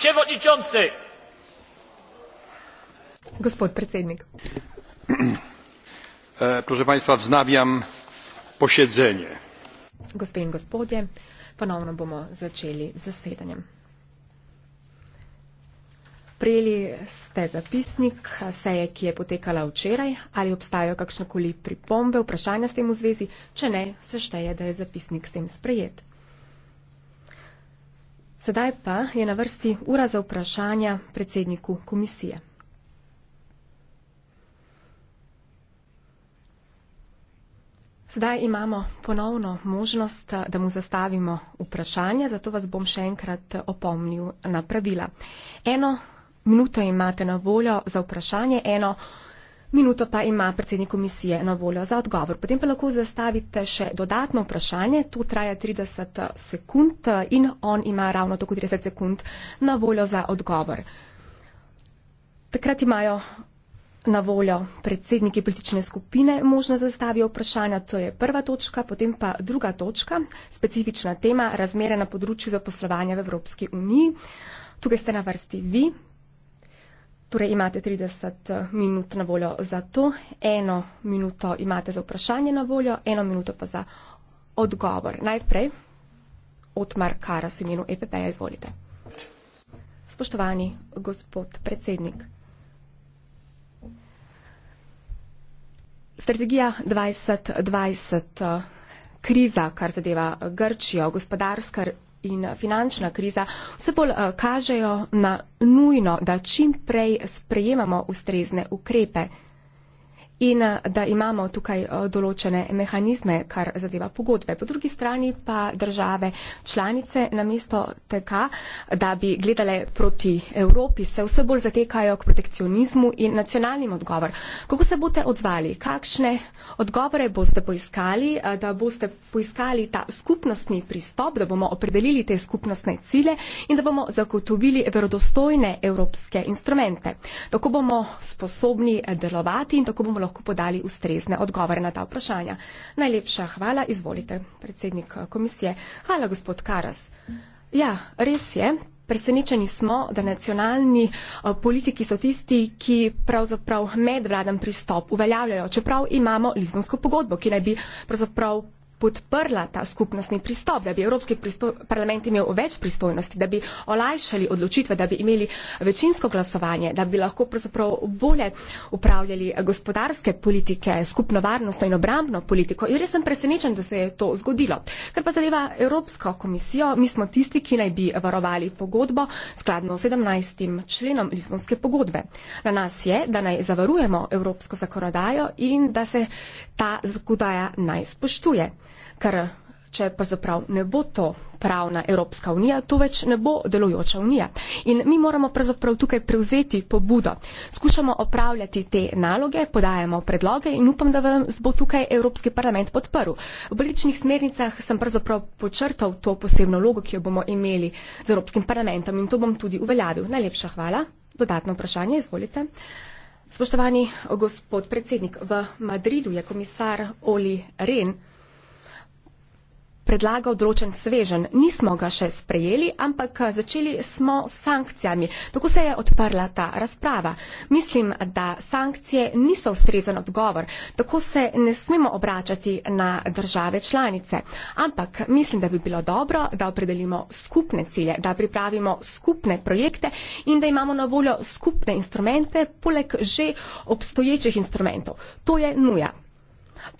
przewodniczący. Gospod przewodniczący. E, proszę państwa, wznawiam posiedzenie. Gospodzie i gospodzie, ponownie będziemy zaczęli zasiedanie. Prijeli ste zapisnik seje, ki je potekala včeraj, ali obstajajo kakšne koli pripombe, vprašanja s tem v zvezi, če ne, se šteje, da je zapisnik s tem sprejet. Sedaj pa je na vrsti ura za vprašanja predsedniku komisije. Sedaj imamo ponovno možnost, da mu zastavimo vprašanje, zato vas bom še enkrat opomnil na pravila. Eno minuto imate na voljo za vprašanje, eno Minuto pa ima predsednik komisije na voljo za odgovor. Potem pa lahko zastavite še dodatno vprašanje. Tu traja 30 eh, sekund eh, in on ima ravno tako 30 sekund na voljo za odgovor. Takrat imajo na voljo predsedniki politične skupine možno zastavijo vprašanja. To je prva točka, potem pa druga točka, specifična tema, razmere na področju zaposlovanja v Evropski uniji. Tukaj ste na vrsti vi, Torej imate 30 eh, minut na voljo za to, eno minuto imate za vprašanje na voljo, eno minuto pa za odgovor. Najprej Otmar Karas v imenu EPP-ja, izvolite. Spoštovani gospod predsednik. Strategija 2020, eh, kriza, kar zadeva Grčijo, gospodarska in eh, finančna kriza vse bolj eh, kažejo na nujno, da čim prej sprejemamo ustrezne ukrepe in eh, da imamo tukaj eh, določene mehanizme, kar zadeva pogodbe. Po drugi strani pa države članice namesto tega, da bi gledale proti Evropi, se vse bolj zatekajo k protekcionizmu in nacionalnim odgovor. Kako se boste odzvali? Kakšne odgovore boste poiskali, eh, da boste poiskali ta skupnostni pristop, da bomo opredelili te skupnostne cilje in da bomo zagotovili verodostojne evropske instrumente? Tako bomo sposobni delovati in tako bomo lahko lahko podali ustrezne odgovore na ta vprašanja. Najlepša hvala, izvolite, predsednik eh, komisije. Hvala, gospod Karas. Ja, res je. Presenečeni smo, da nacionalni eh, politiki so tisti, ki pravzaprav medvladen pristop uveljavljajo, čeprav imamo Lizbonsko pogodbo, ki naj bi pravzaprav podprla ta skupnostni pristop, da bi Evropski parlament imel več pristojnosti, da bi olajšali odločitve, da bi imeli večinsko glasovanje, da bi lahko pravzaprav bolje upravljali gospodarske politike, skupno varnostno in obrambno politiko. In res sem presenečen, da se je to zgodilo. Ker pa zadeva Evropsko komisijo, mi smo tisti, ki naj bi varovali pogodbo skladno 17. členom Lizbonske pogodbe. Na nas je, da naj zavarujemo evropsko zakonodajo in da se ta zakonodaja naj spoštuje ker če pravzaprav ne bo to pravna Evropska unija, to več ne bo delujoča unija. In mi moramo pravzaprav tukaj prevzeti pobudo. Skušamo opravljati te naloge, podajamo predloge in upam, da vas bo tukaj Evropski parlament podprl. V političnih smernicah sem pravzaprav počrtal to posebno logo, ki jo bomo imeli z Evropskim parlamentom in to bom tudi uveljavil. Najlepša hvala. Dodatno vprašanje, izvolite. Spoštovani gospod predsednik, v Madridu je komisar Oli Ren predlagal določen svežen. Nismo ga še sprejeli, ampak začeli smo s sankcijami. Tako se je odprla ta razprava. Mislim, da sankcije niso ustrezen odgovor. Tako se ne smemo obračati na države članice. Ampak mislim, da bi bilo dobro, da opredelimo skupne cilje, da pripravimo skupne projekte in da imamo na voljo skupne instrumente poleg že obstoječih instrumentov. To je nuja.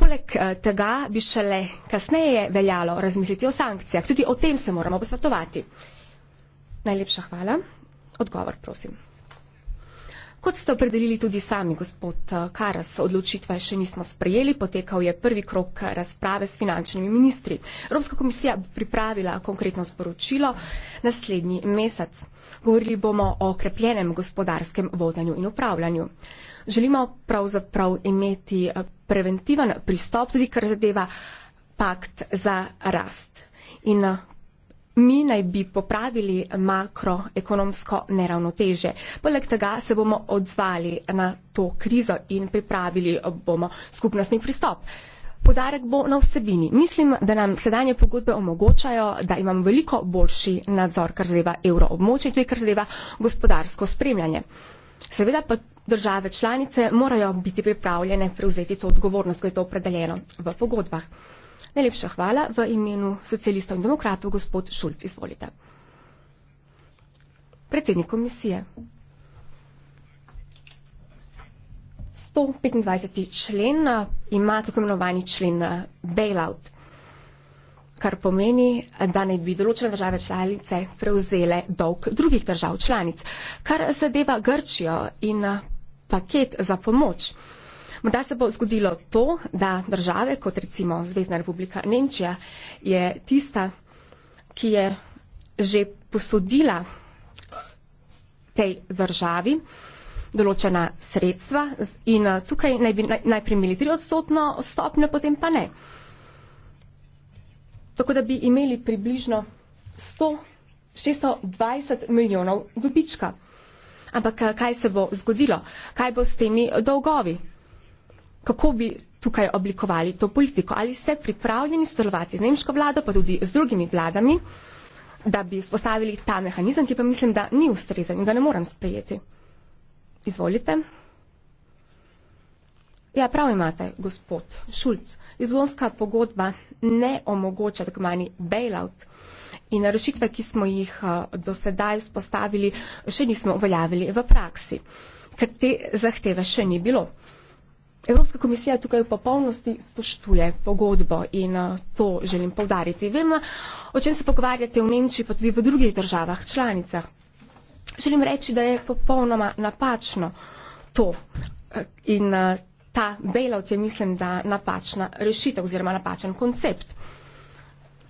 Poleg eh, tega bi šele kasneje veljalo razmisliti o sankcijah. Tudi o tem se moramo posvetovati. Najlepša hvala. Odgovor, prosim. Kot ste opredelili tudi sami, gospod eh, Karas, odločitva še nismo sprejeli, potekal je prvi krok razprave s finančnimi ministri. Evropska komisija bo pripravila konkretno sporočilo naslednji mesec. Govorili bomo o okrepljenem gospodarskem vodanju in upravljanju želimo pravzaprav imeti eh, preventiven pristop, tudi kar zadeva pakt za rast. In eh, mi naj bi popravili makroekonomsko neravnoteže. Poleg tega se bomo odzvali na to krizo in pripravili eh, bomo skupnostni pristop. Podarek bo na vsebini. Mislim, da nam sedanje pogodbe omogočajo, da imamo veliko boljši nadzor, kar zadeva evroobmočje, tudi kar zadeva gospodarsko spremljanje. Seveda pa države članice morajo biti pripravljene prevzeti to odgovornost, ko je to opredeljeno v pogodbah. Najlepša hvala v imenu socialistov in demokratov, gospod Šulc, izvolite. Predsednik komisije. Stopetindvajseti člen ima tako imenovani člen bailout kar pomeni, da ne bi določene države članice prevzele dolg drugih držav članic. Kar zadeva Grčijo in eh, paket za pomoč. Morda se bo zgodilo to, da države, kot recimo Zvezdna republika Nemčija, je tista, ki je že posodila tej državi določena sredstva in eh, tukaj naj bi najprej imeli tri odstotno stopnjo, potem pa ne tako da bi imeli približno 120 milijonov dobička. Ampak eh, kaj se bo zgodilo? Kaj bo s temi dolgovi? Kako bi tukaj oblikovali to politiko? Ali ste pripravljeni sodelovati z nemško vlado, pa tudi z drugimi vladami, da bi vzpostavili ta mehanizem, ki pa mislim, da ni ustrezen in ga ne moram sprejeti? Izvolite. Ja, prav imate, gospod Šulc. Izvonska pogodba ne omogoča tako manj bailout. In rešitve, ki smo jih do sedaj vzpostavili, še nismo uveljavili v praksi, ker te zahteve še ni bilo. Evropska komisija tukaj v popolnosti spoštuje pogodbo in to želim povdariti. Vem, o čem se pogovarjate v Nemčiji, pa tudi v drugih državah, članicah. Želim reči, da je popolnoma napačno to in ta bailout je, mislim, da napačna rešitev oziroma napačen koncept.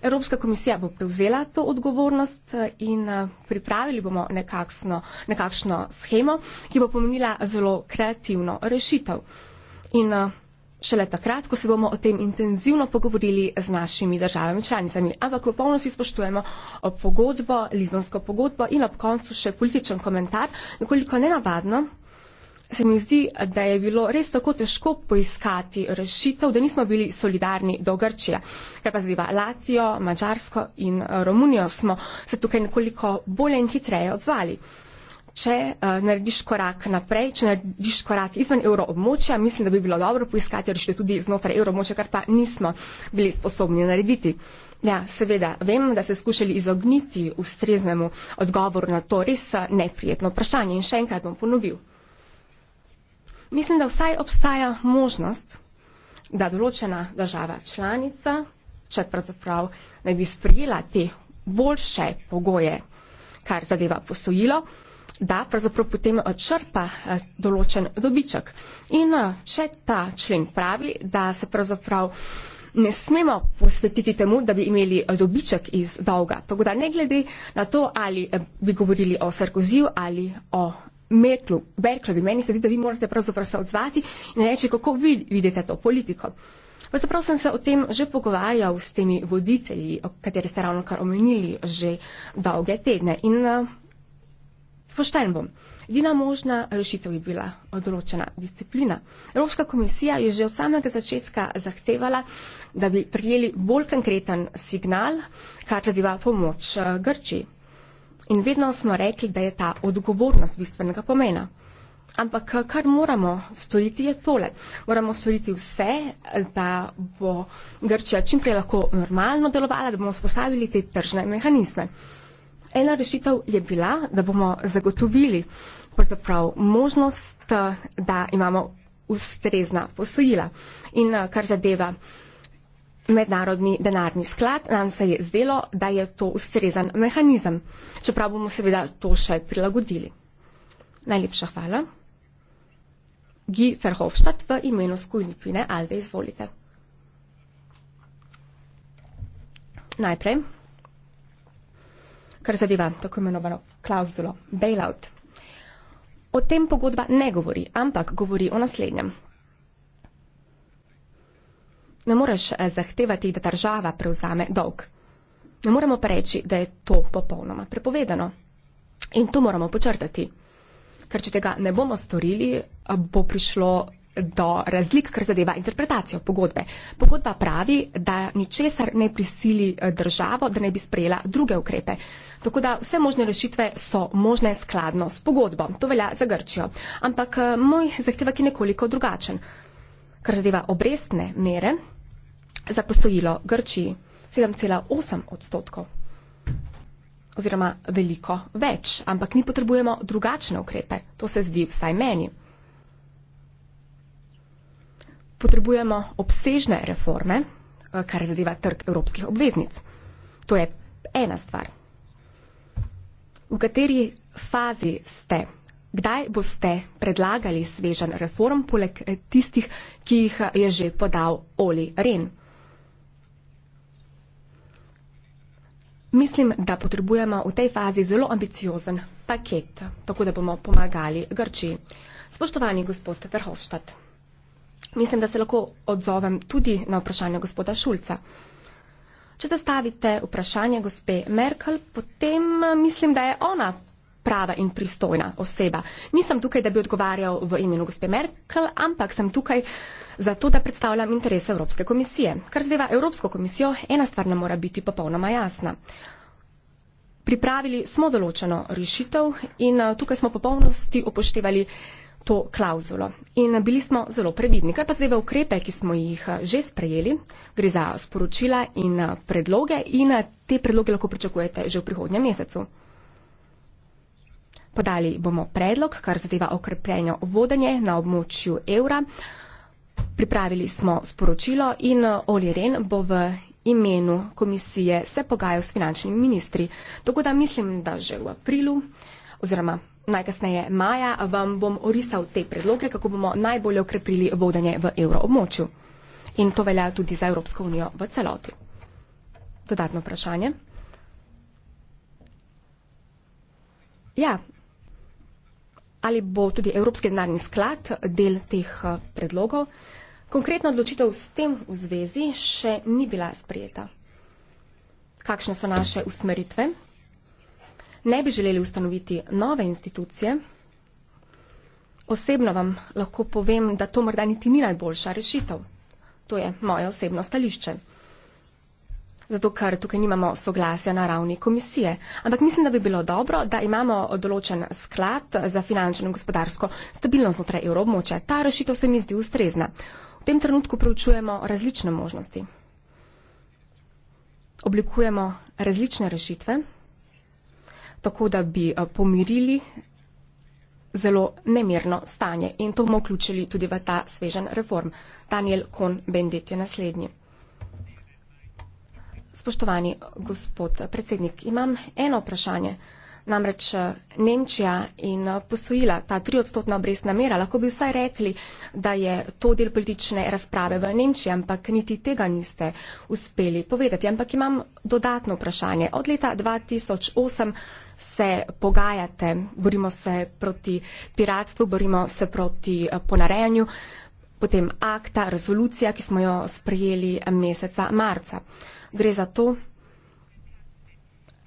Evropska komisija bo prevzela to odgovornost eh, in eh, pripravili bomo nekakšno, nekakšno schemo, ki bo pomenila zelo kreativno rešitev. In eh, šele takrat, ko se bomo o tem intenzivno pogovorili z našimi državami članicami, ampak v polnosti spoštujemo pogodbo, Lizbonsko pogodbo in ob koncu še političen komentar, nekoliko nenavadno, se mi zdi, da je bilo res tako težko poiskati rešitev, da nismo bili solidarni do Grčije. Kar pa zdiva Latvijo, Mačarsko in eh, Romunijo, smo se tukaj nekoliko bolje in hitreje odzvali. Če uh, narediš korak naprej, če narediš korak izven evroobmočja, mislim, da bi bilo dobro poiskati rešitev tudi znotraj evroobmočja, kar pa nismo bili sposobni narediti. Ja, seveda, vem, da ste skušali izogniti ustreznemu odgovoru na to res eh, neprijetno vprašanje in še enkrat bom ponovil. Mislim, da vsaj obstaja možnost, da določena država članica, če pravzaprav ne bi sprijela te boljše pogoje, kar zadeva posojilo, da pravzaprav potem eh, črpa eh, določen dobiček. In eh, če ta člen pravi, da se pravzaprav ne smemo posvetiti temu, da bi imeli dobiček iz dolga. Tako da ne glede na to, ali bi govorili o Sarkoziju ali o Metlu, Berklovi, meni se zdi, da vi morate pravzaprav se odzvati in reči, kako vi vidite to politiko. Pravzaprav sem se o tem že pogovarjal s temi voditelji, o kateri ste ravno kar omenili že dolge tedne. In uh, pošten bom. Edina možna rešitev je bila določena disciplina. Evropska komisija je že od samega začetka zahtevala, da bi prijeli bolj konkreten signal, kar zadeva pomoč eh, Grčiji in vedno smo rekli, da je ta odgovornost bistvenega pomena. Ampak kar moramo storiti je tole. Moramo storiti vse, da bo Grčija čimprej lahko normalno delovala, da bomo spostavili te tržne mehanizme. Ena rešitev je bila, da bomo zagotovili možnost, da imamo ustrezna posojila. In kar zadeva mednarodni denarni sklad, nam se je zdelo, da je to ustrezan mehanizem, čeprav bomo seveda to še prilagodili. Najlepša hvala. Gi Verhofstadt v imenu skupine Alde, izvolite. Najprej, kar zadeva tako imenovano klavzulo bailout. O tem pogodba ne govori, ampak govori o naslednjem ne moreš eh, zahtevati, da država prevzame dolg. Ne moremo pa reči, da je to popolnoma prepovedano. In to moramo počrtati. Ker če tega ne bomo storili, eh, bo prišlo do razlik, kar zadeva interpretacijo pogodbe. Pogodba pravi, da ničesar ne prisili eh, državo, da ne bi sprejela druge ukrepe. Tako da vse možne rešitve so možne skladno s pogodbo. To velja za Grčijo. Ampak moj zahtevek je nekoliko drugačen kar zadeva obrestne mere, za posojilo Grčiji 7,8 odstotkov. Oziroma veliko več, ampak mi potrebujemo drugačne ukrepe. To se zdi vsaj meni. Potrebujemo obsežne reforme, eh, kar zadeva trg evropskih obveznic. To je ena stvar. V kateri fazi ste? Kdaj boste predlagali svežen reform, poleg eh, tistih, ki jih eh, je že podal Oli Ren? Mislim, da potrebujemo v tej fazi zelo ambiciozen paket, tako da bomo pomagali Grčiji. Spoštovani gospod Verhofstadt, mislim, da se lahko odzovem tudi na vprašanje gospoda Šulca. Če zastavite vprašanje gospe Merkel, potem eh, mislim, da je ona prava in pristojna oseba. Nisem tukaj, da bi odgovarjal v imenu gospe Merkel, ampak sem tukaj zato, da predstavljam interese Evropske komisije. Kar zdeva Evropsko komisijo, ena stvar ne mora biti popolnoma jasna. Pripravili smo določeno rešitev in eh, tukaj smo popolnosti upoštevali to klauzulo. In eh, bili smo zelo previdni. Kaj pa zdaj v ukrepe, ki smo jih eh, že sprejeli, gre za sporočila in predloge in te predloge lahko pričakujete že v prihodnjem mesecu. Podali bomo predlog, kar zadeva okrepljeno vodenje na območju evra. Pripravili smo sporočilo in eh, Oli Ren bo v imenu komisije se pogajal s finančnimi ministri. Tako da mislim, da že v aprilu oziroma najkasneje maja vam bom orisal te predloge, kako bomo najbolje okrepili vodenje v evroobmočju. In to velja tudi za Evropsko unijo v celoti. Dodatno vprašanje. Ja, ali bo tudi Evropski denarni sklad del teh eh, predlogov. Konkretna odločitev s tem v zvezi še ni bila sprejeta. Kakšne so naše usmeritve? Ne bi želeli ustanoviti nove institucije. Osebno vam lahko povem, da to morda niti ni najboljša rešitev. To je moje osebno stališče zato ker tukaj nimamo soglasja na ravni komisije. Ampak mislim, da bi bilo dobro, da imamo določen sklad za finančno in gospodarsko stabilnost znotraj evrobmoče. Ta rešitev se mi zdi ustrezna. V tem trenutku preučujemo različne možnosti. Oblikujemo različne rešitve, tako da bi eh, pomirili zelo nemirno stanje in to bomo vključili tudi v ta svežen reform. Daniel Kohn-Bendit je naslednji. Spoštovani gospod predsednik, imam eno vprašanje. Namreč eh, Nemčija in eh, posojila ta triodstotna obrestna mera, lahko bi vsaj rekli, da je to del politične razprave v Nemčiji, ampak niti tega niste uspeli povedati. Ampak imam dodatno vprašanje. Od leta 2008 se pogajate, borimo se proti piratstvu, borimo se proti eh, ponarejanju, potem akta, resolucija, ki smo jo sprejeli meseca marca. Gre za to,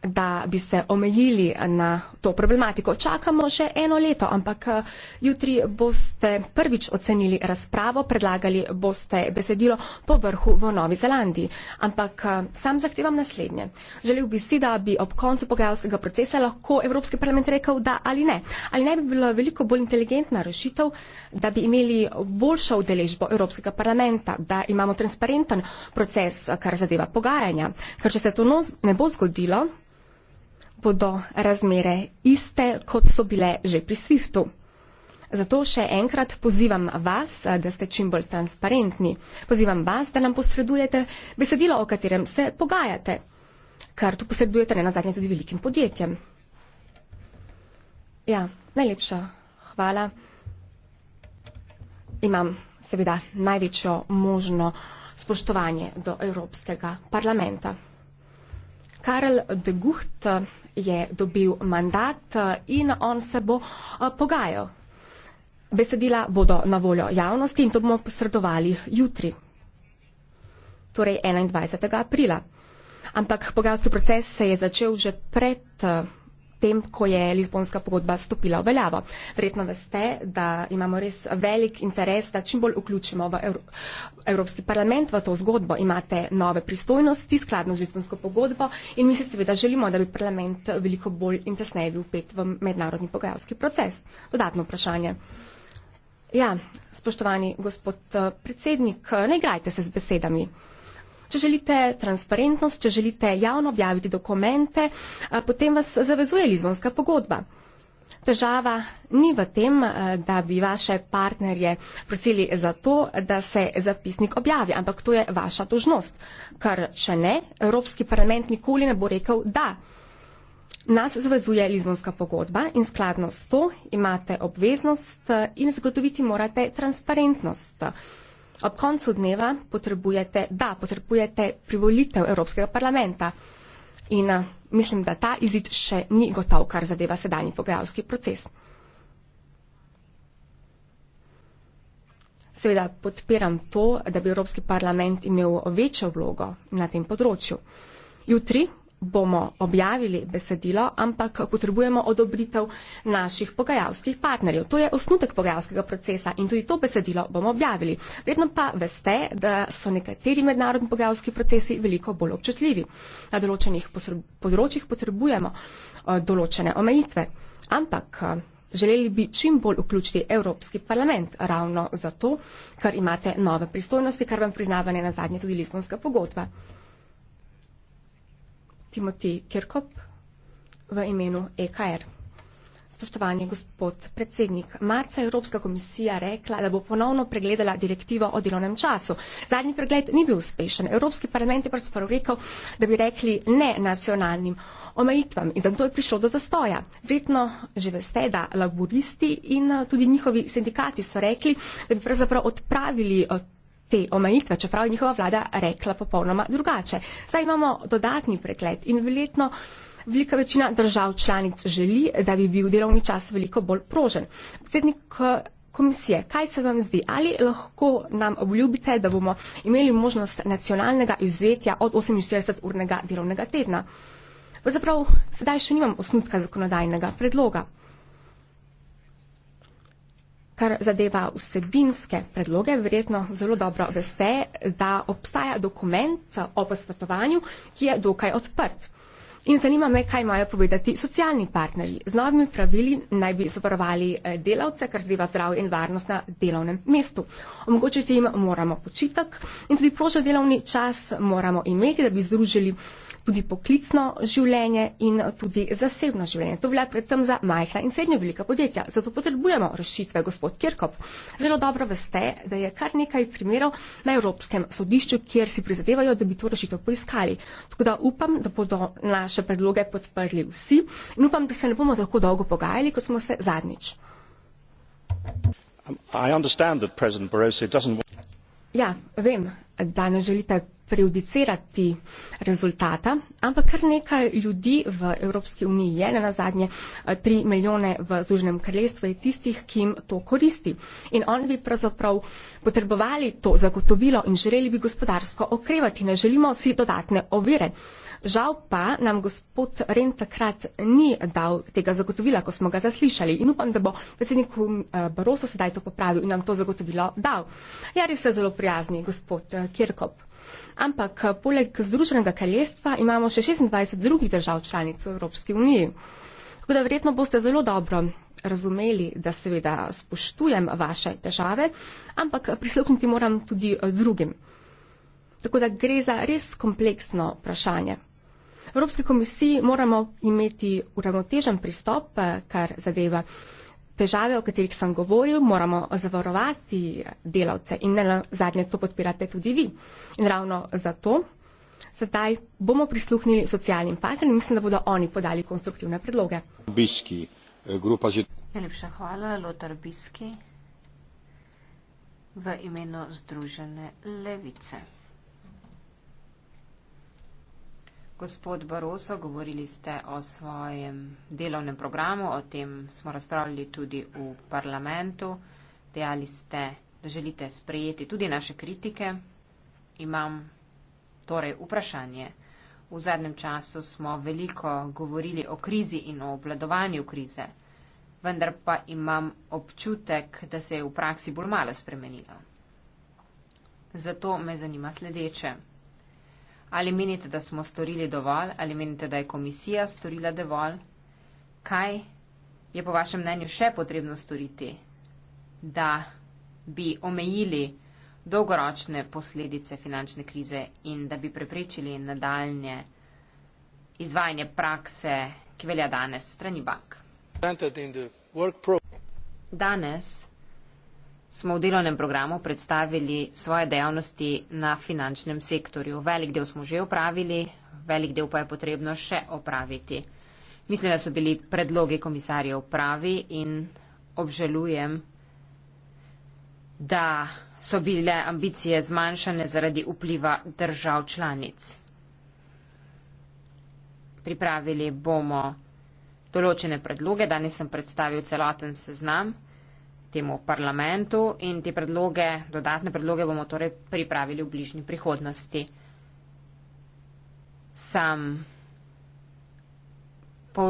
da bi se omejili na to problematiko. Čakamo še eno leto, ampak eh, jutri boste prvič ocenili razpravo, predlagali boste besedilo po vrhu v Novi Zelandiji. Ampak eh, sam zahtevam naslednje. Želel bi si, da bi ob koncu pogajalskega procesa lahko Evropski parlament rekel da ali ne. Ali ne bi bila veliko bolj inteligentna rešitev, da bi imeli boljšo udeležbo Evropskega parlamenta, da imamo transparenten proces, eh, kar zadeva pogajanja. Ker če se to no, ne bo zgodilo, bodo razmere iste, kot so bile že pri SWIFT-u. Zato še enkrat pozivam vas, da ste čim bolj transparentni. Pozivam vas, da nam posredujete besedilo, o katerem se pogajate, kar tu posredujete ne nazadnje tudi velikim podjetjem. Ja, najlepša hvala. Imam seveda največjo možno spoštovanje do Evropskega parlamenta. Karel de Gucht, je dobil mandat eh, in on se bo eh, pogajal. Besedila bodo na voljo javnosti in to bomo posredovali jutri, torej 21. aprila. Ampak pogajalski proces se je začel že pred. Eh, potem, ko je Lizbonska pogodba stopila v veljavo. Verjetno veste, da imamo res velik interes, da čim bolj vključimo v Evropski parlament v to zgodbo. Imate nove pristojnosti skladno z Lizbonsko pogodbo in mi se seveda želimo, da bi parlament veliko bolj in tesneje bil pet v mednarodni pogajalski proces. Dodatno vprašanje. Ja, spoštovani gospod eh, predsednik, eh, ne igrajte se z besedami. Če želite transparentnost, če želite javno objaviti dokumente, eh, potem vas zavezuje Lizbonska pogodba. Težava ni v tem, eh, da bi vaše partnerje prosili za to, da se zapisnik objavi, ampak to je vaša dožnost. Ker če ne, Evropski parlament nikoli ne bo rekel da. Nas zavezuje Lizbonska pogodba in skladno s to imate obveznost eh, in zagotoviti morate transparentnost. Ob koncu dneva potrebujete, da potrebujete privolitev Evropskega parlamenta. In a, eh, mislim, da ta izid še ni gotov, kar zadeva sedanji pogajalski proces. Seveda podpiram to, da bi Evropski parlament imel večjo vlogo na tem področju. Jutri bomo objavili besedilo, ampak potrebujemo odobritev naših pogajalskih partnerjev. To je osnutek pogajalskega procesa in tudi to besedilo bomo objavili. Vedno pa veste, da so nekateri mednarodni pogajalski procesi veliko bolj občutljivi. Na določenih področjih potrebujemo eh, določene omejitve, ampak eh, Želeli bi čim bolj vključiti Evropski parlament ravno zato, ker imate nove pristojnosti, kar vam priznava ne nazadnje tudi Lizbonska pogodba. Timothy Kirkop v imenu EKR. Spoštovani gospod predsednik, marca je Evropska komisija rekla, da bo ponovno pregledala direktivo o delovnem času. Zadnji pregled ni bil uspešen. Evropski parlament je pač pravzaprav rekel, da bi rekli ne nacionalnim omejitvam in zato je prišlo do zastoja. Vredno že veste, da laboristi in eh, tudi njihovi sindikati so rekli, da bi pravzaprav odpravili eh, te omejitve, čeprav je njihova vlada rekla popolnoma drugače. Zdaj imamo dodatni pregled in letno velika večina držav članic želi, da bi bil delovni čas veliko bolj prožen. Predsednik eh, komisije, kaj se vam zdi? Ali lahko nam obljubite, da bomo imeli možnost nacionalnega izvetja od 48-urnega delovnega tedna? Pravzaprav sedaj še nimam osnutka zakonodajnega predloga. Kar zadeva vsebinske predloge, verjetno zelo dobro veste, da obstaja dokument o posvetovanju, ki je dokaj odprt. In zanima me, kaj imajo povedati socialni partnerji. Z novimi pravili naj bi zavarovali eh, delavce, kar zdeva zdravje in varnost na delovnem mestu. Omogočiti jim moramo počitek in tudi prošel delovni čas moramo imeti, da bi združili tudi poklicno življenje in tudi zasebno življenje. To velja predvsem za majhna in srednja velika podjetja. Zato potrebujemo rešitve, gospod Kirkop. Zelo dobro veste, da je kar nekaj primerov na Evropskem sodišču, kjer si prizadevajo, da bi to rešitev poiskali. Tako da upam, da bodo naše predloge podprli vsi in upam, da se ne bomo tako dolgo pogajali, kot smo se zadnjič. Ja, vem, da ne želite prejudicirati rezultata, ampak kar nekaj ljudi v Evropski uniji je, ne na zadnje, eh, tri milijone v Združenem kraljestvu je tistih, ki jim to koristi. In oni bi pravzaprav potrebovali to zagotovilo in želeli bi gospodarsko okrevati, ne želimo si dodatne ovire. Žal pa nam gospod Ren takrat ni dal tega zagotovila, ko smo ga zaslišali in upam, da bo predsednik eh, Baroso sedaj to popravil in nam to zagotovilo dal. Jari se zelo prijazni, gospod eh, Kirkop ampak eh, poleg Združenega kraljestva imamo še 26 drugih držav članic v Evropski uniji. Tako da verjetno boste zelo dobro razumeli, da seveda spoštujem vaše težave, ampak prisluhniti moram tudi eh, drugim. Tako da gre za res kompleksno vprašanje. V Evropski komisiji moramo imeti uravnotežen pristop, eh, kar zadeva težave, o katerih sem govoril, moramo zavarovati delavce in ne nazadnje to podpirate tudi vi. In ravno zato sedaj bomo prisluhnili socialnim partnerjem, mislim, da bodo oni podali konstruktivne predloge. Biski, eh, grupa že. Najlepša hvala, Lotar Biski, v imenu Združene levice. Gospod Baroso, govorili ste o svojem delovnem programu, o tem smo razpravljali tudi v parlamentu. Dejali ste, da želite sprejeti tudi naše kritike. Imam torej vprašanje. V zadnjem času smo veliko govorili o krizi in o obladovanju krize, vendar pa imam občutek, da se je v praksi bolj malo spremenilo. Zato me zanima sledeče. Ali menite, da smo storili dovolj, ali menite, da je komisija storila dovolj? Kaj je po vašem mnenju še potrebno storiti, da bi omejili dolgoročne posledice finančne krize in da bi preprečili nadaljne izvajanje prakse, ki velja danes strani bank? Danes smo v delovnem programu predstavili svoje dejavnosti na finančnem sektorju. Velik del smo že upravili, velik del pa je potrebno še opraviti. Mislim, da so bili predlogi komisarjev pravi in obžalujem, da so bile ambicije zmanjšane zaradi vpliva držav članic. Pripravili bomo določene predloge, danes sem predstavil celoten seznam temu parlamentu in te predloge, dodatne predloge bomo torej pripravili v bližnji prihodnosti. Sam, po,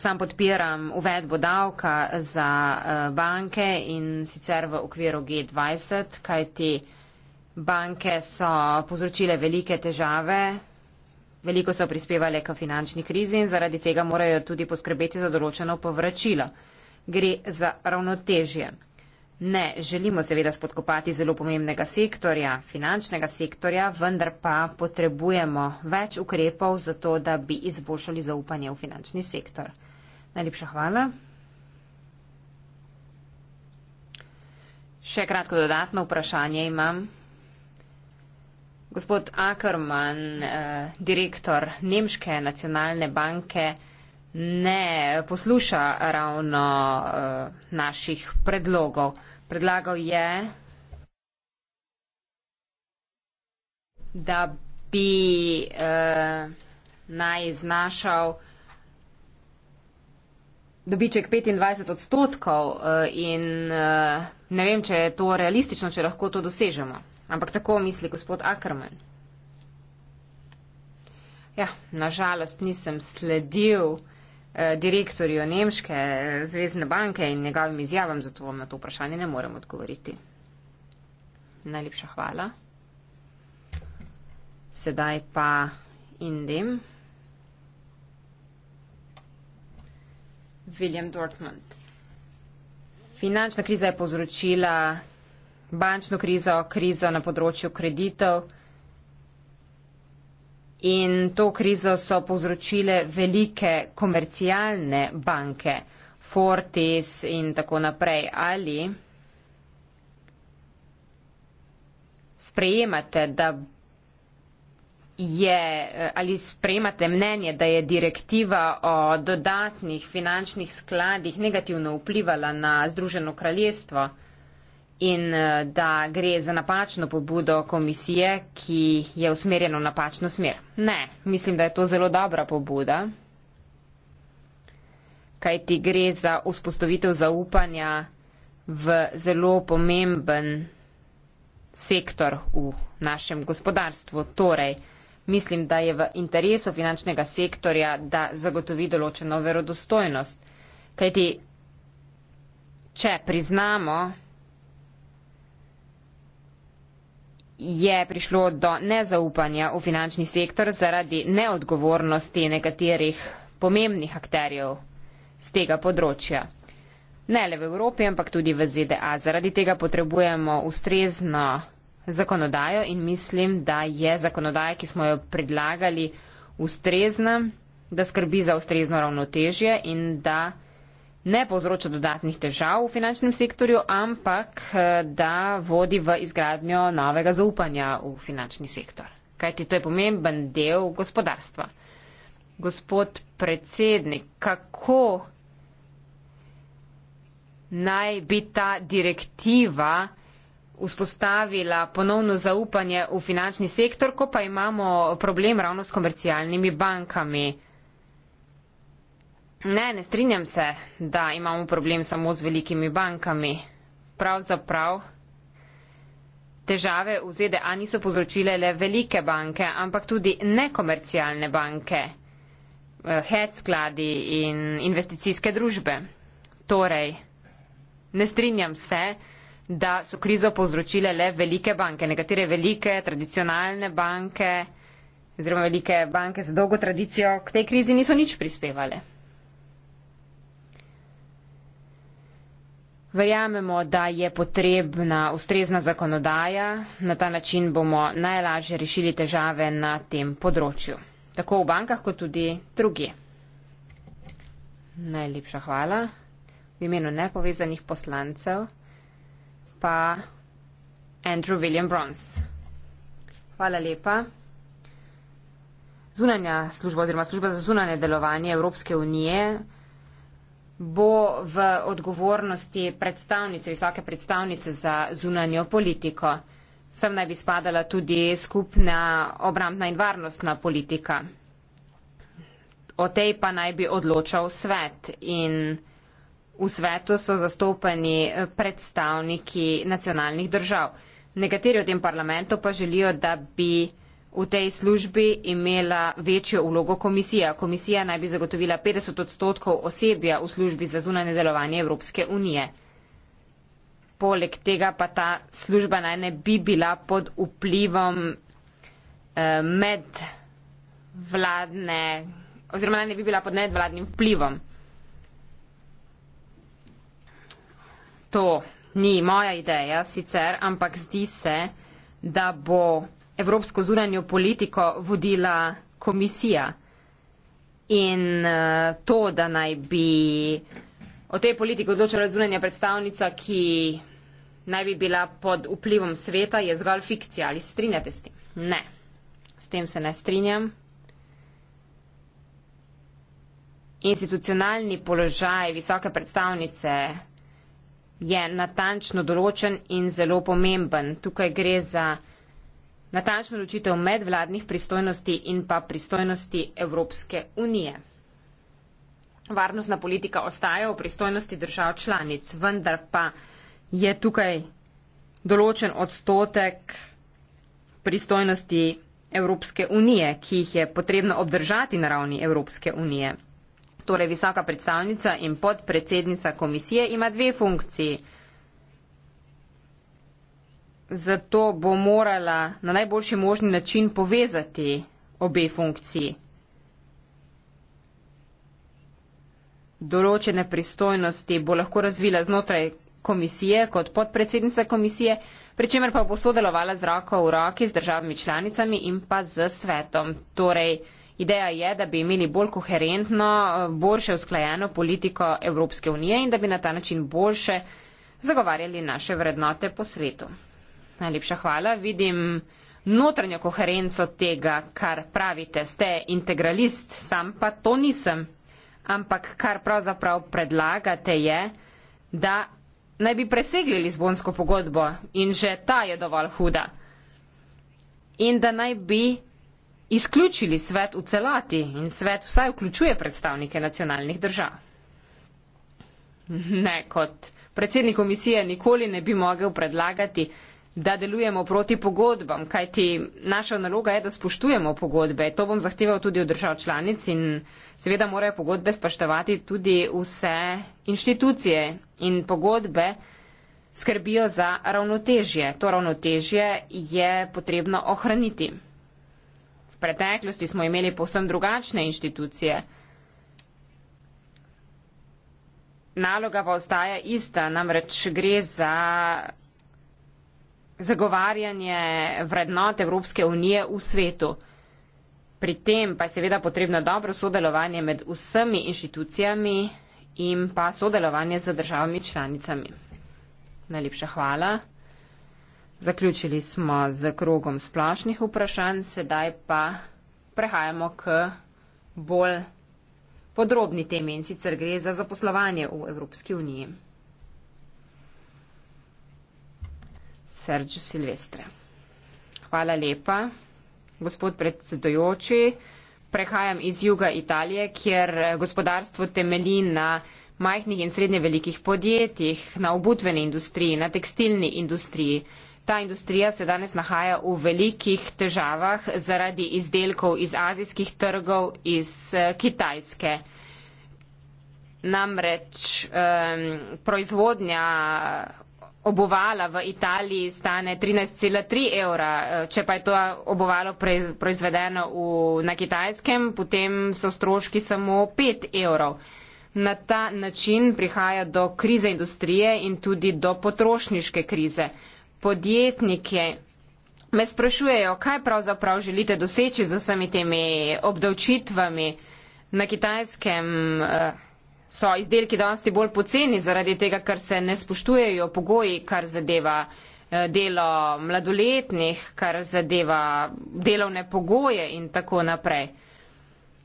sam podpiram uvedbo davka za eh, banke in sicer v okviru G20, kajti banke so povzročile velike težave. Veliko so prispevali k finančni krizi in zaradi tega morajo tudi poskrbeti za določeno povračilo gre za ravnotežje. Ne želimo seveda spodkopati zelo pomembnega sektorja, finančnega sektorja, vendar pa potrebujemo več ukrepov za to, da bi izboljšali zaupanje v finančni sektor. Najlepša hvala. Še kratko dodatno vprašanje imam. Gospod Ackermann, eh, direktor Nemške nacionalne banke, ne posluša ravno uh, naših predlogov. Predlagal je, da bi uh, naj znašal dobiček 25 odstotkov uh, in uh, ne vem, če je to realistično, če lahko to dosežemo. Ampak tako misli gospod Ackerman. Ja, nažalost nisem sledil. Eh, direktorju Nemške eh, zvezdne banke in njegovim izjavam, zato vam na to vprašanje ne morem odgovoriti. Najlepša hvala. Sedaj pa Indim. William Dortmund. Finančna kriza je povzročila bančno krizo, krizo na področju kreditov. In to krizo so povzročile velike komercialne banke, Fortis in tako naprej. Ali sprejemate, da je, ali sprejemate mnenje, da je direktiva o dodatnih finančnih skladih negativno vplivala na Združeno kraljestvo? in eh, da gre za napačno pobudo komisije, ki je usmerjena v napačno smer. Ne, mislim, da je to zelo dobra pobuda, kaj ti gre za vzpostavitev zaupanja v zelo pomemben sektor v našem gospodarstvu. Torej, mislim, da je v interesu finančnega sektorja, da zagotovi določeno verodostojnost. Kajti, če priznamo, je prišlo do nezaupanja v finančni sektor zaradi neodgovornosti nekaterih pomembnih akterjev z tega področja. Ne le v Evropi, ampak tudi v ZDA. Zaradi tega potrebujemo ustrezno zakonodajo in mislim, da je zakonodaja, ki smo jo predlagali, ustrezna, da skrbi za ustrezno ravnotežje in da ne povzroča dodatnih težav v finančnem sektorju, ampak eh, da vodi v izgradnjo novega zaupanja v finančni sektor. Kajti to je pomemben del gospodarstva. Gospod predsednik, kako naj bi ta direktiva vzpostavila ponovno zaupanje v finančni sektor, ko pa imamo problem ravno s komercialnimi bankami? Ne, ne strinjam se, da imamo problem samo z velikimi bankami. Pravzaprav težave v ZDA niso povzročile le velike banke, ampak tudi nekomercialne banke, eh, hedge skladi in investicijske družbe. Torej, ne strinjam se, da so krizo povzročile le velike banke, nekatere velike tradicionalne banke, oziroma velike banke z dolgo tradicijo k tej krizi niso nič prispevale. Verjamemo, da je potrebna ustrezna zakonodaja, na ta način bomo najlažje rešili težave na tem področju, tako v bankah, kot tudi drugi. Najlepša hvala. V imenu nepovezanih poslancev pa Andrew William Bronze. Hvala lepa. Zunanja služba oziroma služba za zunanje delovanje Evropske unije bo v odgovornosti predstavnice, visoke predstavnice za zunanjo politiko. Sem naj bi spadala tudi skupna obrambna in varnostna politika. O tej pa naj bi odločal svet in v svetu so zastopeni predstavniki nacionalnih držav. Nekateri v tem parlamentu pa želijo, da bi v tej službi imela večjo vlogo komisija. Komisija naj bi zagotovila 50 odstotkov osebja v službi za zunanje delovanje Evropske unije. Poleg tega pa ta služba naj ne bi bila pod vplivom eh, medvladne oziroma naj ne bi bila pod medvladnim vplivom. To ni moja ideja sicer, ampak zdi se, da bo evropsko zunanjo politiko vodila komisija. In eh, to, da naj bi o tej politiki odločila zunanja predstavnica, ki naj bi bila pod vplivom sveta, je zgolj fikcija. Ali se strinjate s tem? Ne. S tem se ne strinjam. Institucionalni položaj visoke predstavnice je natančno določen in zelo pomemben. Tukaj gre za natančno ločitev medvladnih pristojnosti in pa pristojnosti Evropske unije. Varnostna politika ostaja v pristojnosti držav članic, vendar pa je tukaj določen odstotek pristojnosti Evropske unije, ki jih je potrebno obdržati na ravni Evropske unije. Torej, visoka predstavnica in podpredsednica komisije ima dve funkciji zato bo morala na najboljši možni način povezati obe funkciji. Določene pristojnosti bo lahko razvila znotraj komisije kot podpredsednica komisije, pri čemer pa bo sodelovala z roko v roki z državami članicami in pa z svetom. Torej, ideja je, da bi imeli bolj koherentno, boljše usklajeno politiko Evropske unije in da bi na ta način boljše zagovarjali naše vrednote po svetu. Najlepša hvala. Vidim notranjo koherenco tega, kar pravite. Ste integralist, sam pa to nisem. Ampak kar pravzaprav predlagate je, da naj bi presegli Lizbonsko pogodbo in že ta je dovolj huda. In da naj bi izključili svet v celoti in svet vsaj vključuje predstavnike nacionalnih držav. Ne, kot predsednik komisije nikoli ne bi mogel predlagati da delujemo proti pogodbam, kajti naša naloga je, da spoštujemo pogodbe. To bom zahteval tudi od držav članic in seveda morajo pogodbe spoštovati tudi vse inštitucije in pogodbe skrbijo za ravnotežje. To ravnotežje je potrebno ohraniti. V preteklosti smo imeli povsem drugačne inštitucije. Naloga pa ostaja ista, namreč gre za zagovarjanje vrednot Evropske unije v svetu. Pri tem pa je seveda potrebno dobro sodelovanje med vsemi inštitucijami in pa sodelovanje z državami članicami. Najlepša hvala. Zaključili smo z krogom splošnih vprašanj, sedaj pa prehajamo k bolj podrobni temi in sicer gre za zaposlovanje v Evropski uniji. Sergio Silvestre. Hvala lepa, gospod predsedujoči. Prehajam iz juga Italije, kjer gospodarstvo temelji na majhnih in srednje velikih podjetjih, na obutveni industriji, na tekstilni industriji. Ta industrija se danes nahaja v velikih težavah zaradi izdelkov iz azijskih trgov, iz eh, Kitajske. Namreč um, proizvodnja obuvala v Italiji stane 13,3 evra, eh, če pa je to obuvalo proizvedeno v, na kitajskem, potem so stroški samo 5 evrov. Na ta način prihaja do krize industrije in tudi do potrošniške krize. Podjetnike me sprašujejo, kaj pravzaprav želite doseči z vsemi temi obdavčitvami na kitajskem. Eh, so izdelki dosti bolj poceni zaradi tega, ker se ne spoštujejo pogoji, kar zadeva eh, delo mladoletnih, kar zadeva delovne pogoje in tako naprej.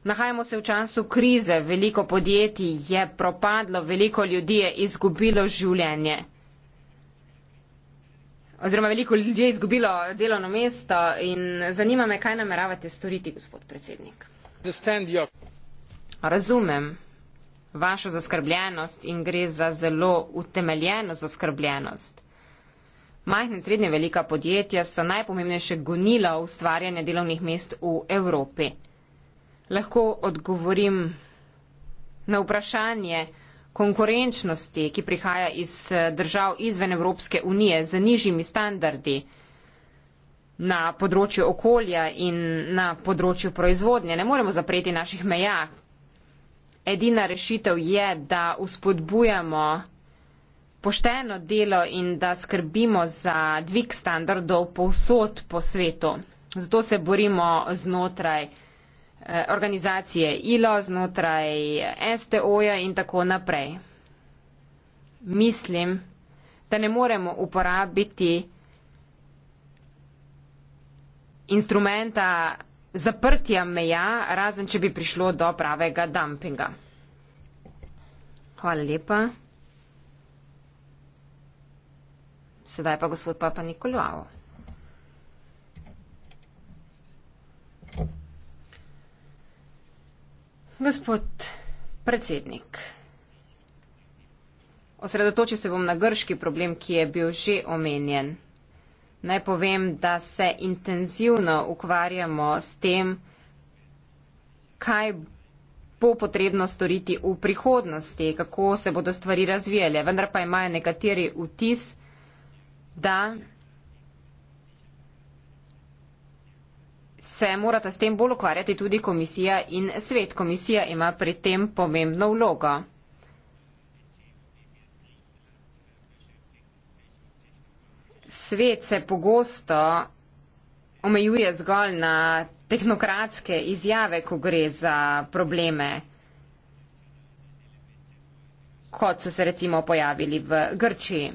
Nahajamo se v času krize, veliko podjetij je propadlo, veliko ljudi je izgubilo življenje. Oziroma veliko ljudi je izgubilo delovno mesto in zanima me, kaj nameravate storiti, gospod predsednik. Razumem vašo zaskrbljenost in gre za zelo utemeljeno zaskrbljenost. Majhne in srednje velika podjetja so najpomembnejše gonilo ustvarjanja delovnih mest v Evropi. Lahko odgovorim na vprašanje konkurenčnosti, ki prihaja iz eh, držav izven Evropske unije z nižjimi standardi na področju okolja in na področju proizvodnje. Ne moremo zapreti naših meja, edina rešitev je, da uspodbujamo pošteno delo in da skrbimo za dvig standardov povsod po svetu. Zato se borimo znotraj eh, organizacije ILO, znotraj STO-ja in tako naprej. Mislim, da ne moremo uporabiti instrumenta zaprtja meja, razen če bi prišlo do pravega dumpinga. Hvala lepa. Sedaj pa gospod Papa Nikolao. Gospod predsednik, osredotočil se bom na grški problem, ki je bil že omenjen. Naj povem, da se intenzivno ukvarjamo s tem, kaj bo potrebno storiti v prihodnosti, kako se bodo stvari razvijale, vendar pa imajo nekateri vtis, da se morata s tem bolj ukvarjati tudi komisija in svet. Komisija ima pri tem pomembno vlogo. svet se pogosto omejuje zgolj na tehnokratske izjave, ko gre za probleme, kot so se recimo pojavili v Grčiji.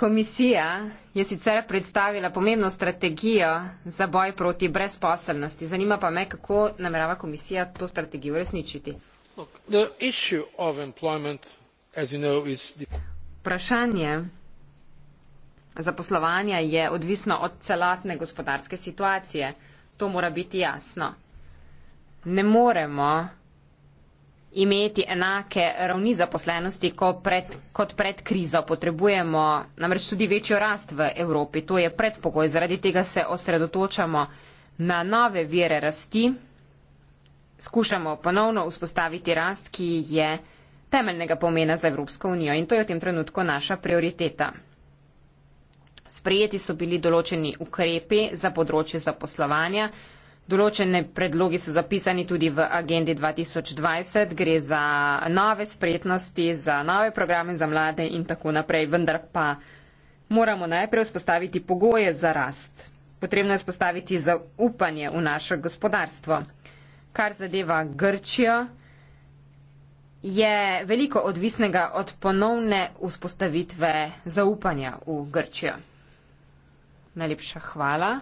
Komisija je sicer predstavila pomembno strategijo za boj proti brezposelnosti. Zanima pa me, kako namerava komisija to strategijo resničiti vprašanje zaposlovanja je odvisno od celotne gospodarske situacije. To mora biti jasno. Ne moremo imeti enake ravni zaposlenosti kot pred, kot pred krizo. Potrebujemo namreč tudi večjo rast v Evropi. To je predpogoj. Zaradi tega se osredotočamo na nove vire rasti skušamo ponovno vzpostaviti rast, ki je temeljnega pomena za Evropsko unijo in to je v tem trenutku naša prioriteta. Sprejeti so bili določeni ukrepi za področje zaposlovanja, določene predlogi so zapisani tudi v agendi 2020, gre za nove spretnosti, za nove programe za mlade in tako naprej, vendar pa moramo najprej vzpostaviti pogoje za rast. Potrebno je spostaviti zaupanje v naše gospodarstvo kar zadeva Grčijo, je veliko odvisnega od ponovne vzpostavitve zaupanja v Grčijo. Najlepša hvala.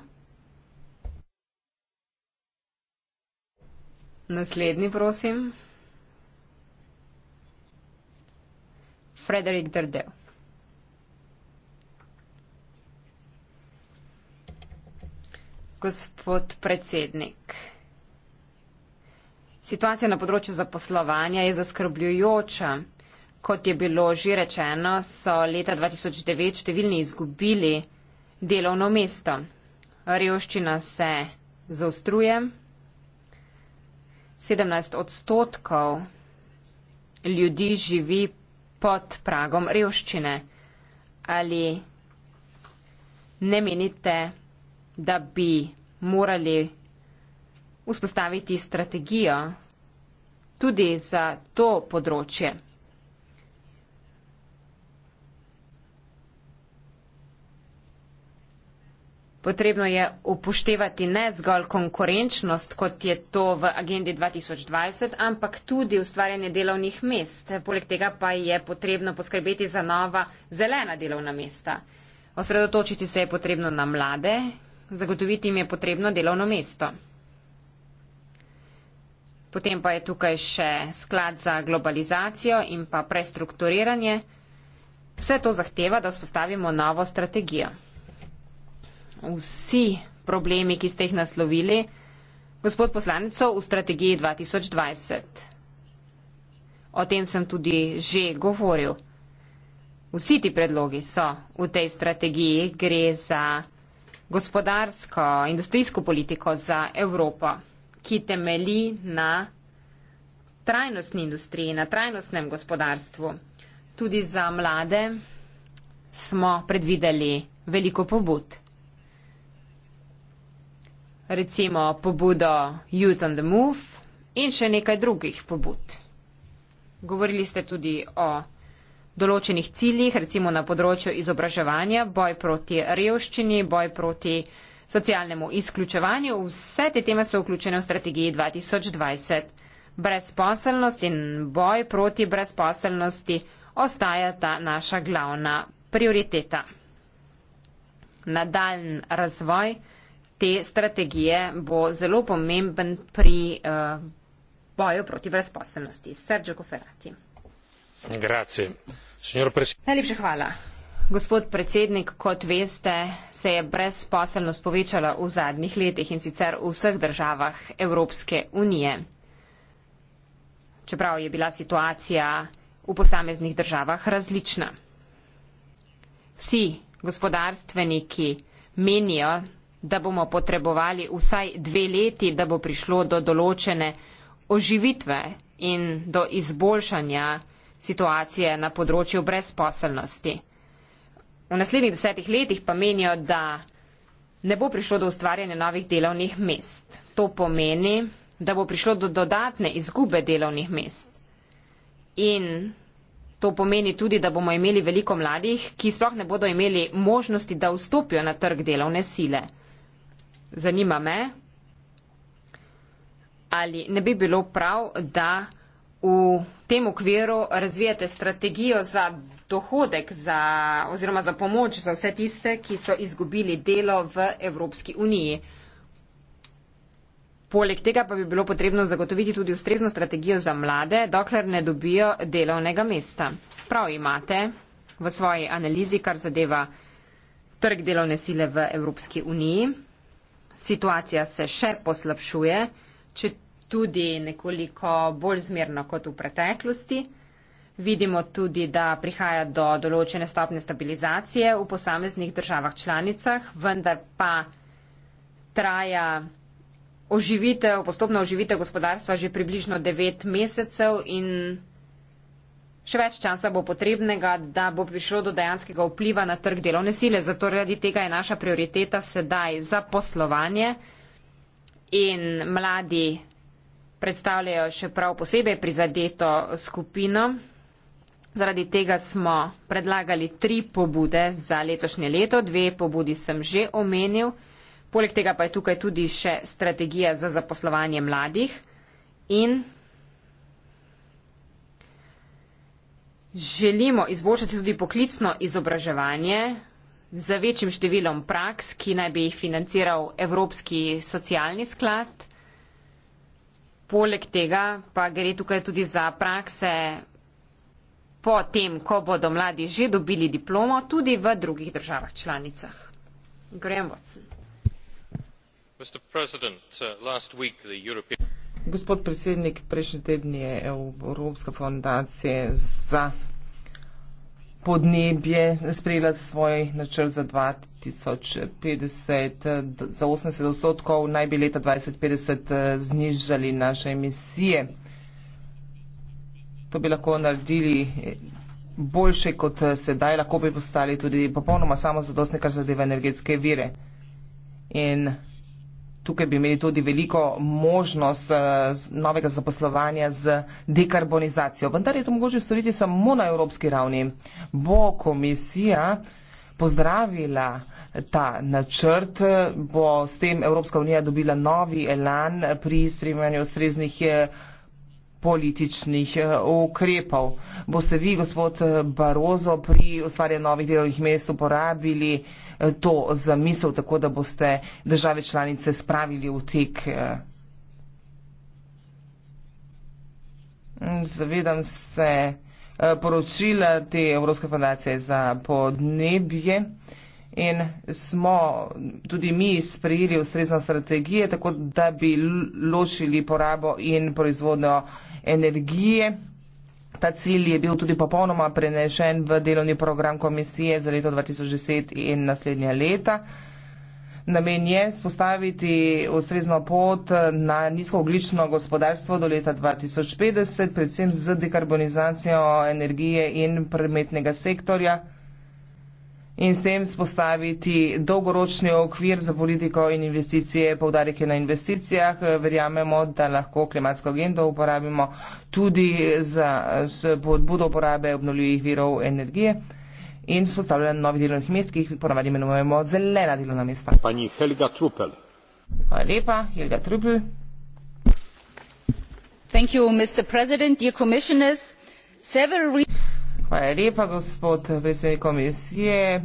Naslednji, prosim. Frederik Drdel. Gospod predsednik. Situacija na področju zaposlovanja je zaskrbljujoča. Kot je bilo že rečeno, so leta 2009 številni izgubili delovno mesto. Revščina se zaostruje. 17 odstotkov ljudi živi pod pragom revščine. Ali ne menite, da bi morali vzpostaviti strategijo tudi za to področje. Potrebno je upoštevati ne zgolj konkurenčnost, kot je to v agendi 2020, ampak tudi ustvarjanje delovnih mest. Poleg tega pa je potrebno poskrbeti za nova zelena delovna mesta. Osredotočiti se je potrebno na mlade, zagotoviti jim je potrebno delovno mesto. Potem pa je tukaj še sklad za globalizacijo in pa prestrukturiranje. Vse to zahteva, da spostavimo novo strategijo. Vsi problemi, ki ste jih naslovili, gospod poslanec, v strategiji 2020. O tem sem tudi že govoril. Vsi ti predlogi so v tej strategiji, gre za gospodarsko, industrijsko politiko za Evropo ki temeli na trajnostni industriji, na trajnostnem gospodarstvu. Tudi za mlade smo predvideli veliko pobud. Recimo pobudo Youth on the Move in še nekaj drugih pobud. Govorili ste tudi o določenih ciljih, recimo na področju izobraževanja, boj proti revščini, boj proti socialnemu izključevanju, vse te teme so vključene v strategiji 2020. Brezposelnost in boj proti brezposelnosti ostajata naša glavna prioriteta. Nadaljn razvoj te strategije bo zelo pomemben pri uh, boju proti brezposelnosti. Sergio Coferati. Najlepša hvala. Gospod predsednik, kot veste, se je brezposelnost povečala v zadnjih letih in sicer v vseh državah Evropske unije. Čeprav je bila situacija v posameznih državah različna. Vsi gospodarstveniki menijo, da bomo potrebovali vsaj dve leti, da bo prišlo do določene oživitve in do izboljšanja situacije na področju brezposelnosti v naslednjih desetih letih pa menijo, da ne bo prišlo do ustvarjanja novih delovnih mest. To pomeni, da bo prišlo do dodatne izgube delovnih mest. In to pomeni tudi, da bomo imeli veliko mladih, ki sploh ne bodo imeli možnosti, da vstopijo na trg delovne sile. Zanima me, ali ne bi bilo prav, da v tem okviru razvijate strategijo za dohodek za, oziroma za pomoč za vse tiste, ki so izgubili delo v Evropski uniji. Poleg tega pa bi bilo potrebno zagotoviti tudi ustrezno strategijo za mlade, dokler ne dobijo delovnega mesta. Prav imate v svoji analizi, kar zadeva trg delovne sile v Evropski uniji. Situacija se še poslabšuje, če tudi nekoliko bolj zmerno kot v preteklosti. Vidimo tudi, da prihaja do določene stopne stabilizacije v posameznih državah članicah, vendar pa traja oživitev, postopno oživitev gospodarstva že približno 9 mesecev in še več časa bo potrebnega, da bo prišlo do dejanskega vpliva na trg delovne sile. Zato radi tega je naša prioriteta sedaj za poslovanje in mladi predstavljajo še prav posebej prizadeto skupino. Zaradi tega smo predlagali tri pobude za letošnje leto, dve pobudi sem že omenil, poleg tega pa je tukaj tudi še strategija za zaposlovanje mladih in želimo izboljšati tudi poklicno izobraževanje za večjim številom praks, ki naj bi jih financiral Evropski socialni sklad. Poleg tega pa gre tukaj tudi za prakse po tem, ko bodo mladi že dobili diplomo, tudi v drugih državah članicah. Graham Watson. Uh, Gospod predsednik, prejšnji teden je Evropska fondacija za podnebje, sprejela svoj načrt za 2050, za 80 odstotkov naj bi leta 2050 eh, znižali naše emisije. To bi lahko naredili eh, boljše kot eh, sedaj, lahko bi postali tudi popolnoma samozadostni, kar zadeva energetske vire. In tukaj bi imeli tudi veliko možnost eh, novega zaposlovanja z dekarbonizacijo. Vendar je to mogoče storiti samo na evropski ravni. Bo komisija pozdravila ta načrt, bo s tem Evropska unija dobila novi elan pri spremljanju ustreznih eh, političnih eh, ukrepov. Boste vi, gospod eh, Barozo, pri ustvarjanju novih delovnih mest uporabili eh, to za misel, tako da boste države članice spravili v tek? Mm, zavedam se poročila te Evropske fundacije za podnebje. In smo tudi mi sprejeli ustrezno strategije, tako da bi ločili porabo in proizvodno energije. Ta cilj je bil tudi popolnoma prenešen v delovni program komisije za leto 2010 in naslednja leta. Namen je spostaviti ustrezno pot na nizkooglično gospodarstvo do leta 2050, predvsem z dekarbonizacijo energije in prometnega sektorja in s tem spostaviti dolgoročni okvir za politiko in investicije. Povdarek je na investicijah. Verjamemo, da lahko klimatsko agendo uporabimo tudi za podbudo uporabe obnovljivih virov energije in spostavljanje novih delovnih mest, ki jih ponavadi imenujemo zelena delovna mesta. Pani Helga Trupel. Hvala lepa, Helga Trupel. Thank you, Mr. President, dear commissioners. Several reasons. Hvala lepa, gospod predsednik komisije.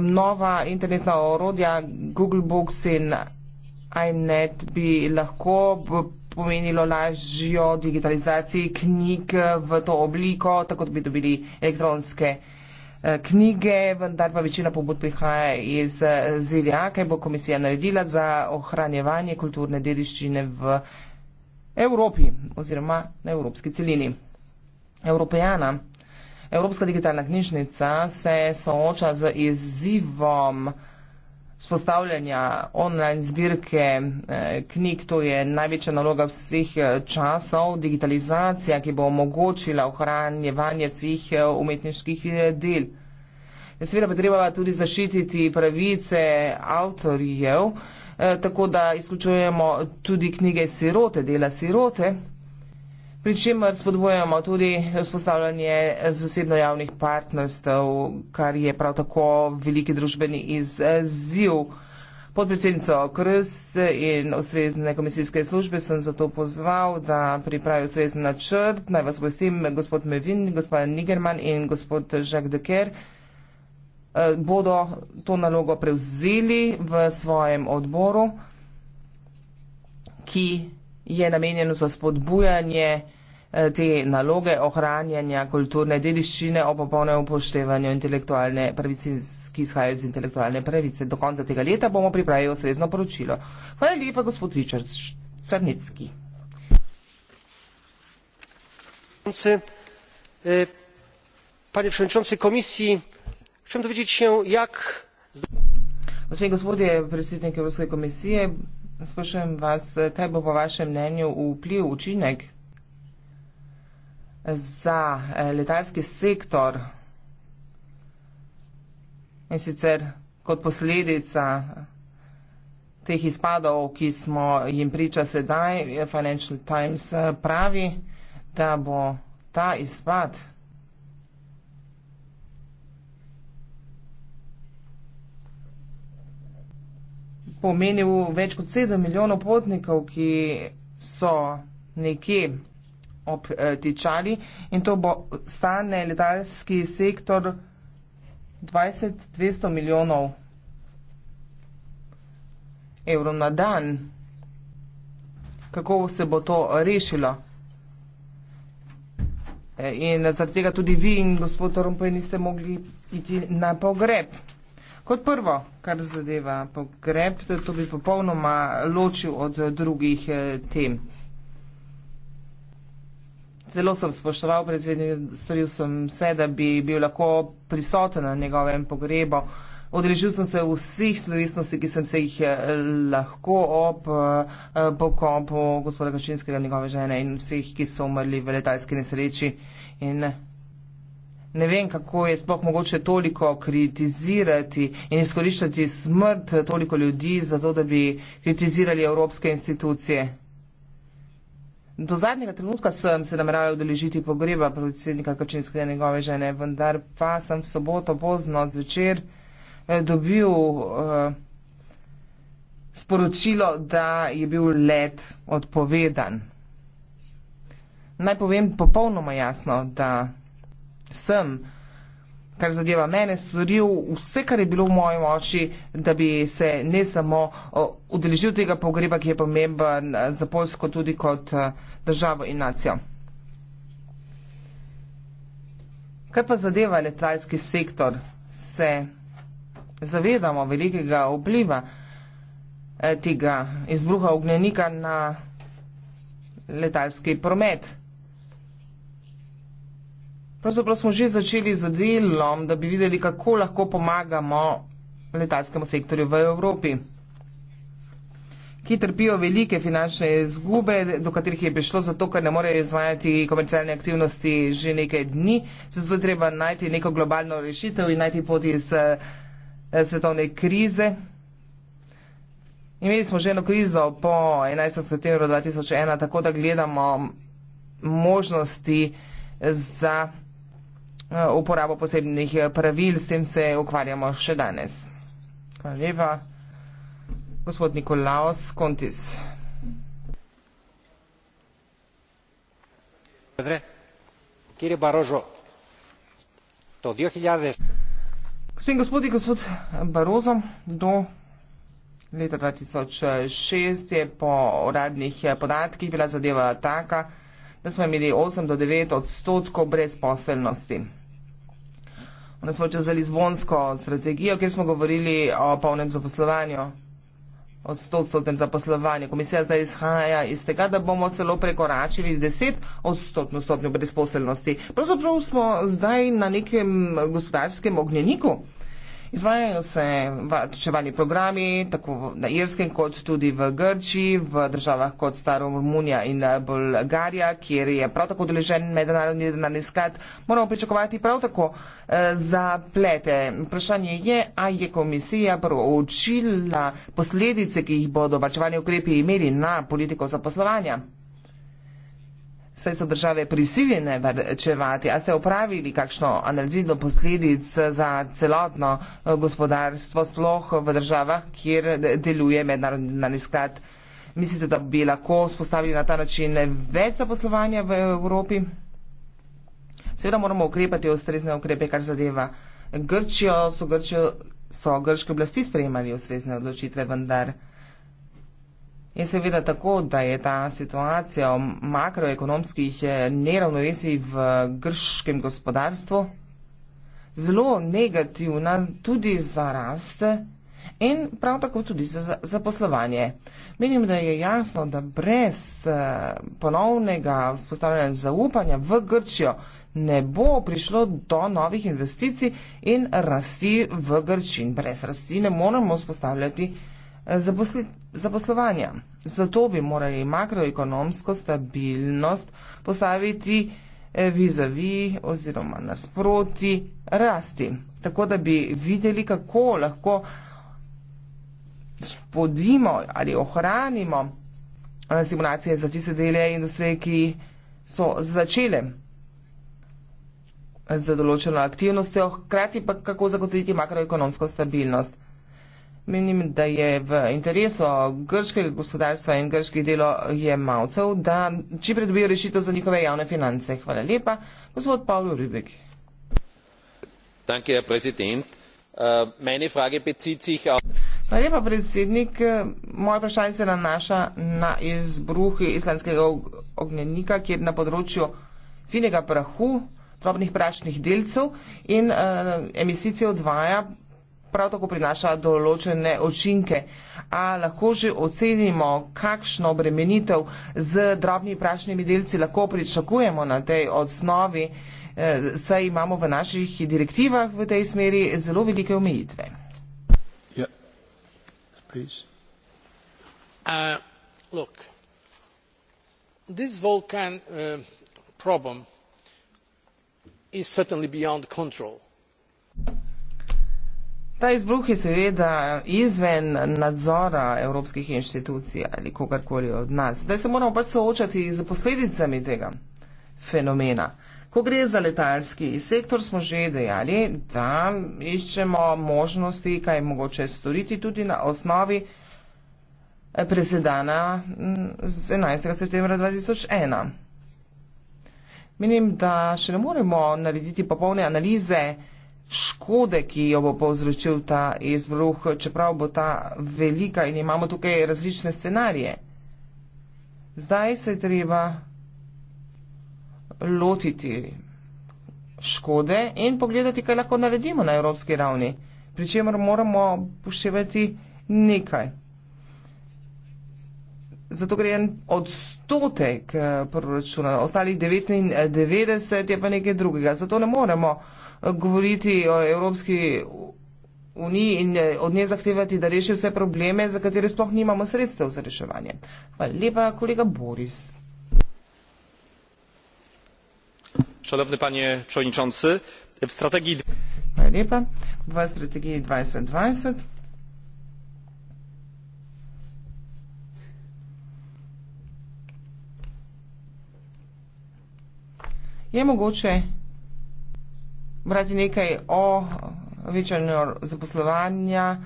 Nova internetna orodja Google Books in iNet bi lahko pomenilo lažjo digitalizacijo knjig v to obliko, tako da bi dobili elektronske e, knjige, vendar pa večina pobud prihaja iz e, ZDA, kaj bo komisija naredila za ohranjevanje kulturne dediščine v Evropi oziroma na evropski celini. Evropejana. Evropska digitalna knjižnica se sooča z izzivom spostavljanja online zbirke eh, knjig, to je največja naloga vseh eh, časov, digitalizacija, ki bo omogočila ohranjevanje vseh eh, umetniških del. Seveda pa treba tudi zaščititi pravice avtorjev, tako da izključujemo tudi knjige sirote, dela sirote pri čemer spodbojamo tudi vzpostavljanje zasebno-javnih partnerstv, kar je prav tako veliki družbeni izziv. Podpredsednico KRS in ustrezne komisijske službe sem zato pozval, da pripravi ustrezen načrt. Naj vas obvestim, gospod Mevin, gospod Nigerman in gospod Jacques Decker eh, bodo to nalogo prevzeli v svojem odboru, ki je namenjeno za spodbujanje eh, te naloge ohranjanja kulturne dediščine o popolnem upoštevanju intelektualne pravice, ki izhajajo iz intelektualne pravice. Do konca tega leta bomo pripravili ustrezno poročilo. Hvala lepa, gospod Richard Črnecki. Panie przewodniczący komisji, chciałem dowiedzieć się, jak. Gospodzie, gospodzie, przewodniczący komisji. Sprašujem vas, kaj bo po vašem mnenju vpliv, učinek za eh, letalski sektor in sicer kot posledica teh izpadov, ki smo jim priča sedaj, Financial Times eh, pravi, da bo ta izpad pomenil več kot 7 milijonov potnikov, ki so nekje obtičali in to bo stane letalski sektor 20-200 milijonov evrov na dan. Kako se bo to rešilo? E, in zaradi tega tudi vi in gospod Rompoj niste mogli iti na pogreb. Kot prvo, kar zadeva pogreb, da to bi popolnoma ločil od drugih eh, tem. Zelo sem spoštoval predsednika, storil sem vse, da bi bil lahko prisoten na njegovem pogrebu. Odrežil sem se vseh slovesnosti, ki sem se jih eh, lahko ob eh, pokopu gospoda Kačinskega, njegove žene in vseh, ki so umrli v letalski nesreči. In ne vem, kako je sploh mogoče toliko kritizirati in izkoriščati smrt toliko ljudi za to, da bi kritizirali evropske institucije. Do zadnjega trenutka sem se nameraval deležiti pogreba predsednika Krčinske in njegove žene, vendar pa sem v soboto pozno zvečer eh, dobil uh, sporočilo, da je bil let odpovedan. Naj povem popolnoma jasno, da sem, kar zadeva mene, storil vse, kar je bilo v moji moči, da bi se ne samo udeležil tega pogreba, ki je pomemben eh, za Poljsko, tudi kot eh, državo in nacijo. Kaj pa zadeva letalski sektor, se zavedamo velikega vpliva eh, tega izbruha ognjenika na letalski promet. Pravzaprav smo že začeli z delom, da bi videli, kako lahko pomagamo letalskemu sektorju v Evropi, ki trpijo velike finančne izgube, do katerih je prišlo zato, ker ne morejo izvajati komercialne aktivnosti že nekaj dni. Zato je treba najti neko globalno rešitev in najti poti iz eh, svetovne krize. Imeli smo že eno krizo po 11. septembru 2001, tako da gledamo možnosti za Eh, uporabo posebnih eh, pravil, s tem se ukvarjamo še danes. Hvala lepa. Gospod Nikolaos Kontis. Predre, kjer je Barožo? To dio hiljade. Gospod in gospodi, gospod Barozo, do leta 2006 je po uradnih eh, podatkih bila zadeva taka, da smo imeli 8 do 9 odstotkov brezposelnosti v nasprotju z Lizbonsko strategijo, kjer smo govorili o polnem zaposlovanju, o stotstotnem zaposlovanju. Komisija zdaj izhaja iz tega, da bomo celo prekoračili deset odstotno stopnjo brezposelnosti. Pravzaprav smo zdaj na nekem gospodarskem ognjeniku. Izvajajo se varčevalni programi tako na Irskem kot tudi v Grčiji, v državah kot Staro Romunija in Bolgarija, kjer je prav tako deležen mednarodni denarni sklad. Moramo pričakovati prav tako eh, zaplete. Vprašanje je, a je komisija proučila posledice, ki jih bodo varčevalni ukrepi imeli na politiko zaposlovanja saj so države prisiljene varčevati. A ste upravili kakšno analizino posledic za celotno eh, gospodarstvo, sploh v državah, kjer deluje mednarodni sklad? Mislite, da bi lahko spostavili na ta način več zaposlovanja v Evropi? Seveda moramo ukrepati ustrezne ukrepe, kar zadeva Grčijo. So, Grčijo, so grške oblasti sprejemali ustrezne odločitve, vendar. In seveda tako, da je ta situacija o makroekonomskih eh, neravnovesij v grškem gospodarstvu zelo negativna tudi za rast in prav tako tudi za zaposlovanje. Menim, da je jasno, da brez eh, ponovnega vzpostavljanja zaupanja v Grčijo ne bo prišlo do novih investicij in rasti v Grčiji. Brez rasti ne moremo vzpostavljati zaposli, zaposlovanja. Zato bi morali makroekonomsko stabilnost postaviti eh, vizavi oziroma nasproti rasti, tako da bi videli, kako lahko spodimo ali ohranimo eh, simulacije za tiste dele industrije, ki so začele za določeno aktivnostjo, hkrati pa kako zagotoviti makroekonomsko stabilnost. Menim, da je v interesu grškega gospodarstva in grških delo jemalcev, da čim predobijo rešitev za njihove javne finance. Hvala lepa. Gospod Pavel Ribek. Danke, predsednik. Äh, Meni frage peticih. Hvala lepa, predsednik. Moje vprašanje se nanaša na izbruh islamskega ognjenika, kjer na področju finega prahu, drobnih prašnih delcev in uh, äh, emisicije odvaja prav tako prinaša določene očinke. A lahko že ocenimo, kakšno obremenitev z drobnimi prašnimi delci lahko pričakujemo na tej osnovi, e, saj imamo v naših direktivah v tej smeri zelo velike omejitve. Yeah. Ja, uh, this volcan uh, problem is certainly beyond control. Ta izbruh je seveda izven nadzora evropskih inštitucij ali kogarkoli od nas. Zdaj se moramo pač soočati z posledicami tega fenomena. Ko gre za letalski sektor, smo že dejali, da iščemo možnosti, kaj je mogoče storiti tudi na osnovi eh, presedana z 11. septembra 2001. Menim, da še ne moremo narediti popolne analize škode, ki jo bo povzročil ta izbruh, čeprav bo ta velika in imamo tukaj različne scenarije. Zdaj se je treba lotiti škode in pogledati, kaj lahko naredimo na evropski ravni, pri čemer moramo poševati nekaj. Zato gre en odstotek eh, proračuna, ostalih 99 je pa nekaj drugega. Zato ne moremo uh, govoriti o Evropski uniji in eh, od nje zahtevati, da reši vse probleme, za katere sploh nimamo sredstev za reševanje. Hvala lepa, kolega Boris. Šalovne panje Čojničanci, v strategiji... Hvala lepa, v strategiji 2020. Je mogoče brati nekaj o večanju zaposlovanja,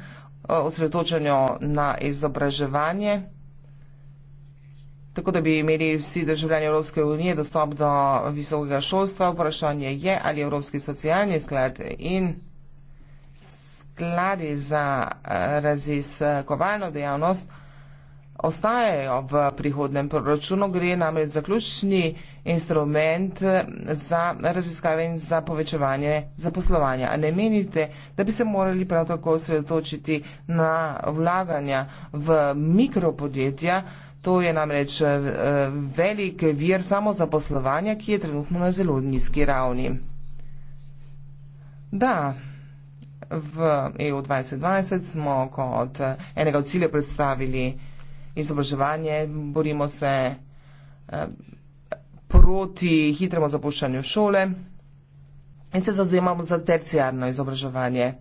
osredotočanju na izobraževanje, tako da bi imeli vsi državljani Evropske unije dostop do visokega šolstva. Vprašanje je, ali Evropski socialni sklad in skladi za eh, raziskovalno dejavnost ostajajo v prihodnem proračunu, gre namreč za ključni instrument eh, za raziskave in za povečevanje zaposlovanja. A ne menite, da bi se morali prav tako osredotočiti na vlaganja v mikropodjetja, to je namreč eh, velik vir samo zaposlovanja, ki je trenutno na zelo nizki ravni. Da, v EU 2020 smo kot eh, enega od cilja predstavili izobraževanje, borimo se eh, proti hitremu zapuščanju šole in se zauzemamo za terciarno izobraževanje.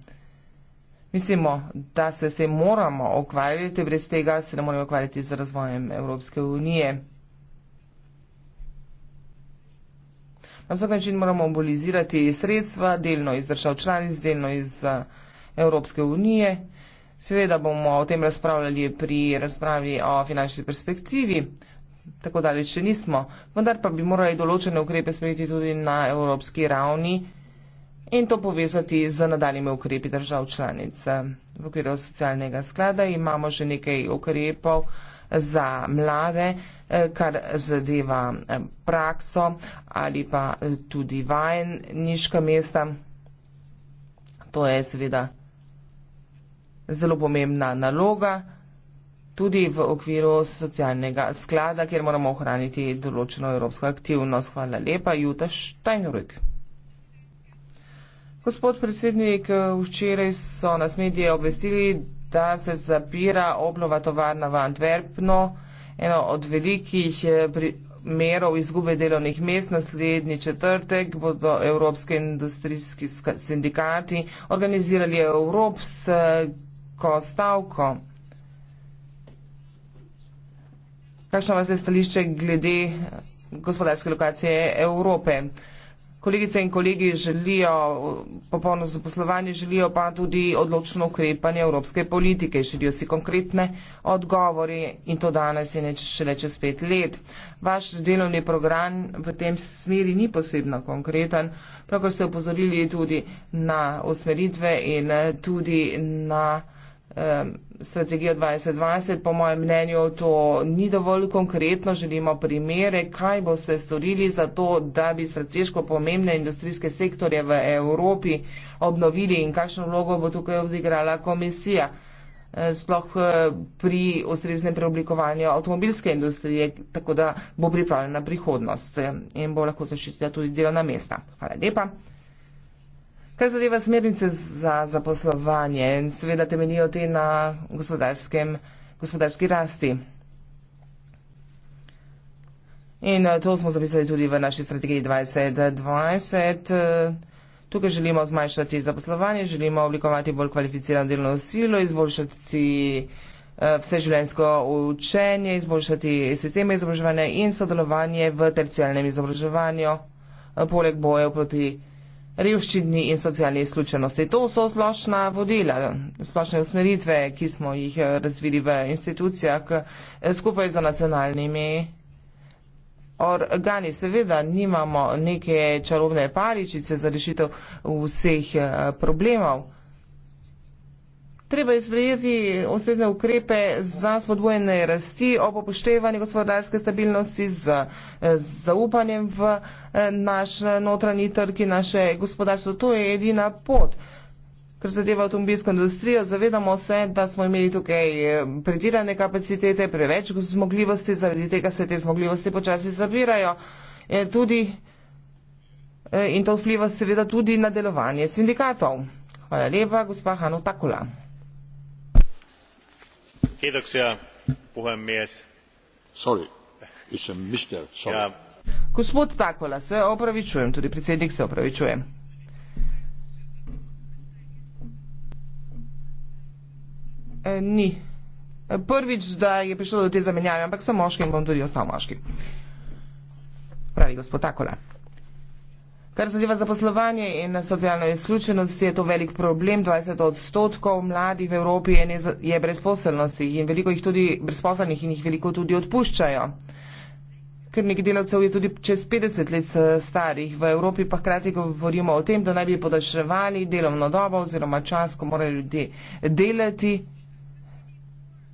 Mislimo, da se s tem moramo ukvarjati, brez tega se ne moremo ukvarjati z razvojem Evropske unije. Na vsak način moramo mobilizirati sredstva, delno iz držav članic, delno iz eh, Evropske unije. Seveda bomo o tem razpravljali pri razpravi o finančni perspektivi, tako daleč še nismo, vendar pa bi morali določene ukrepe sprejeti tudi na evropski ravni in to povezati z nadaljnimi ukrepi držav članic. V okviru socialnega sklada imamo že nekaj ukrepov za mlade, eh, kar zadeva eh, prakso ali pa eh, tudi vajen niška mesta. To je seveda zelo pomembna naloga, tudi v okviru socialnega sklada, kjer moramo ohraniti določeno evropsko aktivnost. Hvala lepa, Juta Štajnurik. Gospod predsednik, včeraj so nas medije obvestili, da se zapira obnova tovarna v Antwerpno, eno od velikih eh, merov izgube delovnih mest. Naslednji četrtek bodo evropski industrijski sindikati organizirali evropski kratko stavko. Kakšno vas je stališče glede eh, gospodarske lokacije Evrope? Kolegice in kolegi želijo popolno zaposlovanje, želijo pa tudi odločno ukrepanje evropske politike, želijo si konkretne odgovori in to danes in šele čez pet let. Vaš delovni program v tem smeri ni posebno konkreten, pravkar ste upozorili tudi na usmeritve in tudi na strategijo 2020. Po mojem mnenju to ni dovolj konkretno. Želimo primere, kaj boste storili za to, da bi strateško pomembne industrijske sektorje v Evropi obnovili in kakšno vlogo bo tukaj odigrala komisija. Sploh eh, pri ustreznem preoblikovanju avtomobilske industrije, tako da bo pripravljena prihodnost in bo lahko zaščitila tudi delovna mesta. Hvala lepa. Kar zadeva smernice za zaposlovanje, seveda temeljijo te na gospodarski rasti. In eh, to smo zapisali tudi v naši strategiji 2020. Eh, tukaj želimo zmanjšati zaposlovanje, želimo oblikovati bolj kvalificirano delno silo, izboljšati eh, vseživljenjsko učenje, izboljšati sisteme izobraževanja in sodelovanje v tercijalnem izobraževanju, poleg bojev proti revščini in socialni izključenosti. To so splošna vodila, splošne usmeritve, ki smo jih eh, razvili v institucijah eh, skupaj z nacionalnimi organi. Seveda nimamo neke čarobne paričice za rešitev vseh eh, problemov. Treba je sprejeti ustrezne ukrepe za spodbojene rasti ob upoštevanju gospodarske stabilnosti z eh, zaupanjem v eh, naš eh, notranji trg in naše gospodarstvo. To je edina pot. Kar zadeva avtomobilsko industrijo, zavedamo se, da smo imeli tukaj pretirane kapacitete, preveč zmogljivosti, zaradi tega se te zmogljivosti počasi zabirajo. E, tudi, e, in to vpliva seveda tudi na delovanje sindikatov. Hvala lepa, gospa Hanu Takula arvoisa puhemies arvoisa komissaari kiitoksia tästä tärkeästä keskustelusta. Ja kutsut takola, se on opravičujem, tudi predsjednik se opravičuje. E, ni. E, prvič, da je prišlo do te zamenjave, ampak sam moški, bom tudi ostal moški. Pravi gospod Takola. Kar zadeva zaposlovanje in socialno izključenost, je to velik problem. 20 odstotkov mladih v Evropi je, ne, je brezposelnosti in veliko jih tudi brezposelnih in jih veliko tudi odpuščajo. Ker nekaj delavcev je tudi čez 50 let starih v Evropi, pa hkrati govorimo o tem, da naj bi podaljševali delovno dobo oziroma čas, ko morajo ljudje delati.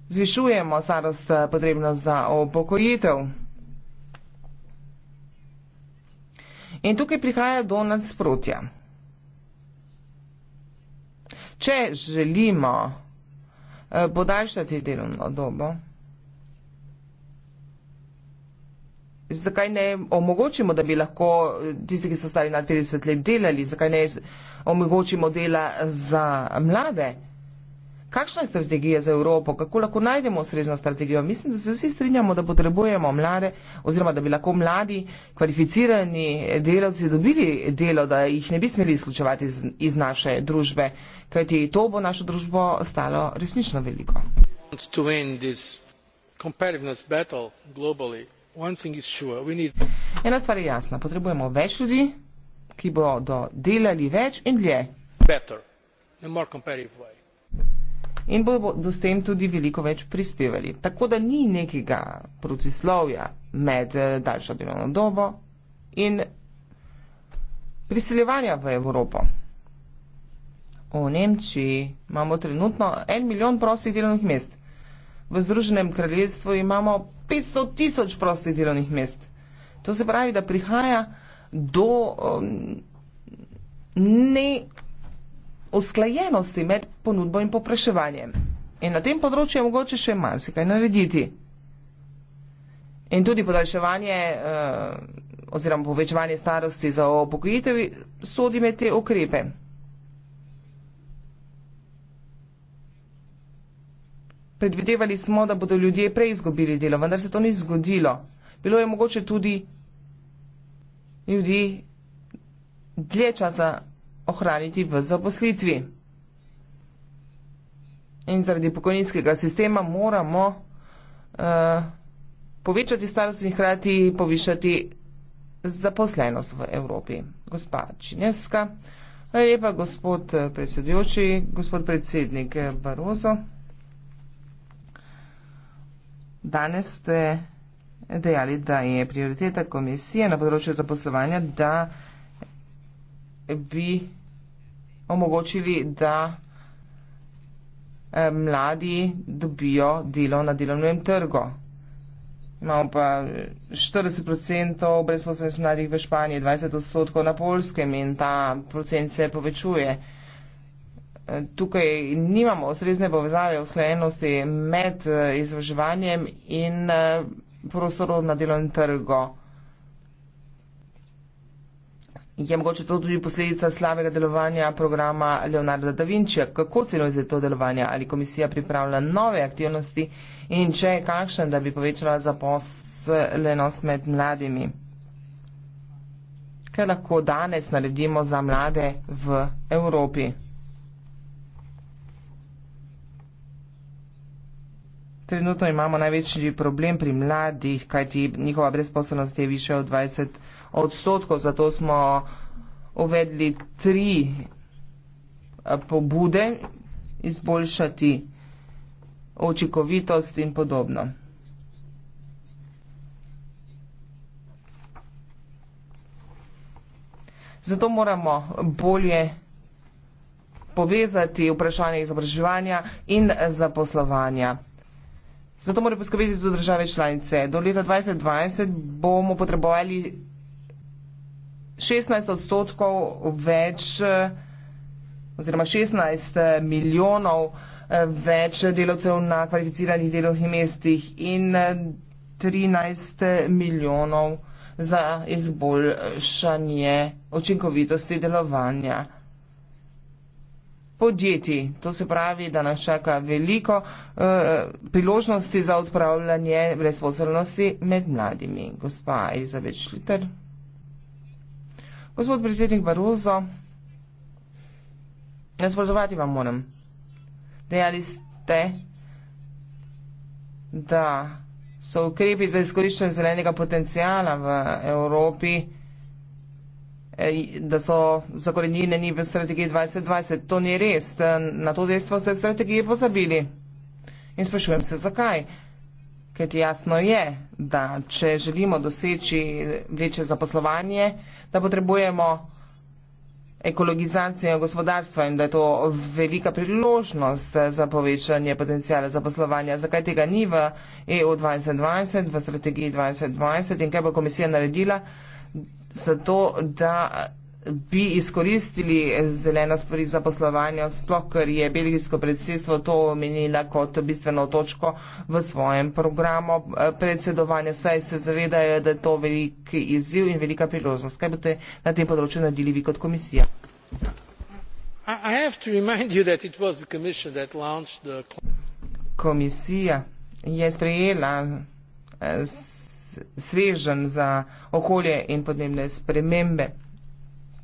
Zvišujemo starost eh, potrebno za upokojitev. In tukaj prihaja do nasprotja. Če želimo eh, podaljšati delovno dobo, zakaj ne omogočimo, da bi lahko eh, tisti, ki so stari nad 50 let delali, zakaj ne omogočimo dela za mlade? kakšna je strategija za Evropo, kako lahko najdemo srezno strategijo. Mislim, da se vsi strinjamo, da potrebujemo mlade oziroma da bi lahko mladi kvalificirani delavci dobili delo, da jih ne bi smeli izključevati iz, iz naše družbe, kajti to bo našo družbo stalo resnično veliko. Ena stvar je jasna, potrebujemo več ljudi, ki bodo delali več in dlje. Better, in bodo s tem tudi veliko več prispevali. Tako da ni nekega protislovja med eh, daljšo delovno dobo in priseljevanja v Evropo. V Nemčiji imamo trenutno en milijon prostih delovnih mest. V Združenem kraljestvu imamo 500 tisoč prostih delovnih mest. To se pravi, da prihaja do um, ne usklajenosti med ponudbo in popraševanjem. In na tem področju je mogoče še marsikaj narediti. In tudi podaljševanje eh, oziroma povečevanje starosti za upokojitev sodi med te ukrepe. Predvidevali smo, da bodo ljudje prej izgubili delo, vendar se to ni zgodilo. Bilo je mogoče tudi ljudi dlje časa ohraniti v zaposlitvi. In zaradi pokojninskega sistema moramo uh, povečati starost in hkrati povišati zaposlenost v Evropi. Gospa Čineska, lepa gospod eh, predsedujoči, gospod predsednik eh, Barozo. Danes ste dejali, da je prioriteta komisije na področju zaposlovanja, da bi omogočili, da eh, mladi dobijo delo na delovnem trgu. Imamo pa 40% brezposobnih mladih v Španiji, 20% na Polskem in ta procent se povečuje. Eh, tukaj nimamo ustrezne povezave v sklenosti med eh, izvrževanjem in prostorom na delovnem trgu. Je mogoče to tudi posledica slabega delovanja programa Leonarda da Vinčija? Kako ocenujete to delovanje? Ali komisija pripravlja nove aktivnosti in če je kakšen, da bi povečala zaposlenost med mladimi? Kaj lahko danes naredimo za mlade v Evropi? trenutno imamo največji problem pri mladih, kajti njihova brezposobnost je više od 20 odstotkov, zato smo uvedli tri eh, pobude izboljšati očikovitost in podobno. Zato moramo bolje povezati vprašanje izobraževanja in zaposlovanja. Zato mora poskrbeti tudi države članice. Do leta 2020 bomo potrebovali 16 odstotkov več oziroma 16 eh, milijonov eh, več delavcev na kvalificiranih delovnih mestih in 13 eh, milijonov za izboljšanje učinkovitosti delovanja podjetij. To se pravi, da nas čaka veliko uh, priložnosti za odpravljanje brezposelnosti med mladimi. Gospa Elizabeth Schlitter. Gospod predsednik Baruzo, nasprotovati vam moram. Dejali ste, da so ukrepi za izkoriščanje zelenega potencijala v Evropi da so zakorenjeni v strategiji 2020. To ni res. Na to dejstvo ste v strategiji pozabili. In sprašujem se, zakaj? Ker ti jasno je, da če želimo doseči večje zaposlovanje, da potrebujemo ekologizacijo gospodarstva in da je to velika priložnost za povečanje potencijala zaposlovanja. Zakaj tega ni v EU 2020, v strategiji 2020 in kaj bo komisija naredila? zato, da bi izkoristili zeleno spori za poslovanje, sploh ker je belgijsko predsedstvo to omenila kot bistveno točko v svojem programu predsedovanja. Saj se zavedajo, da je to velik izziv in velika priložnost. Kaj boste na tem področju naredili vi kot komisija? Komisija je sprejela eh, svežen za okolje in podnebne spremembe.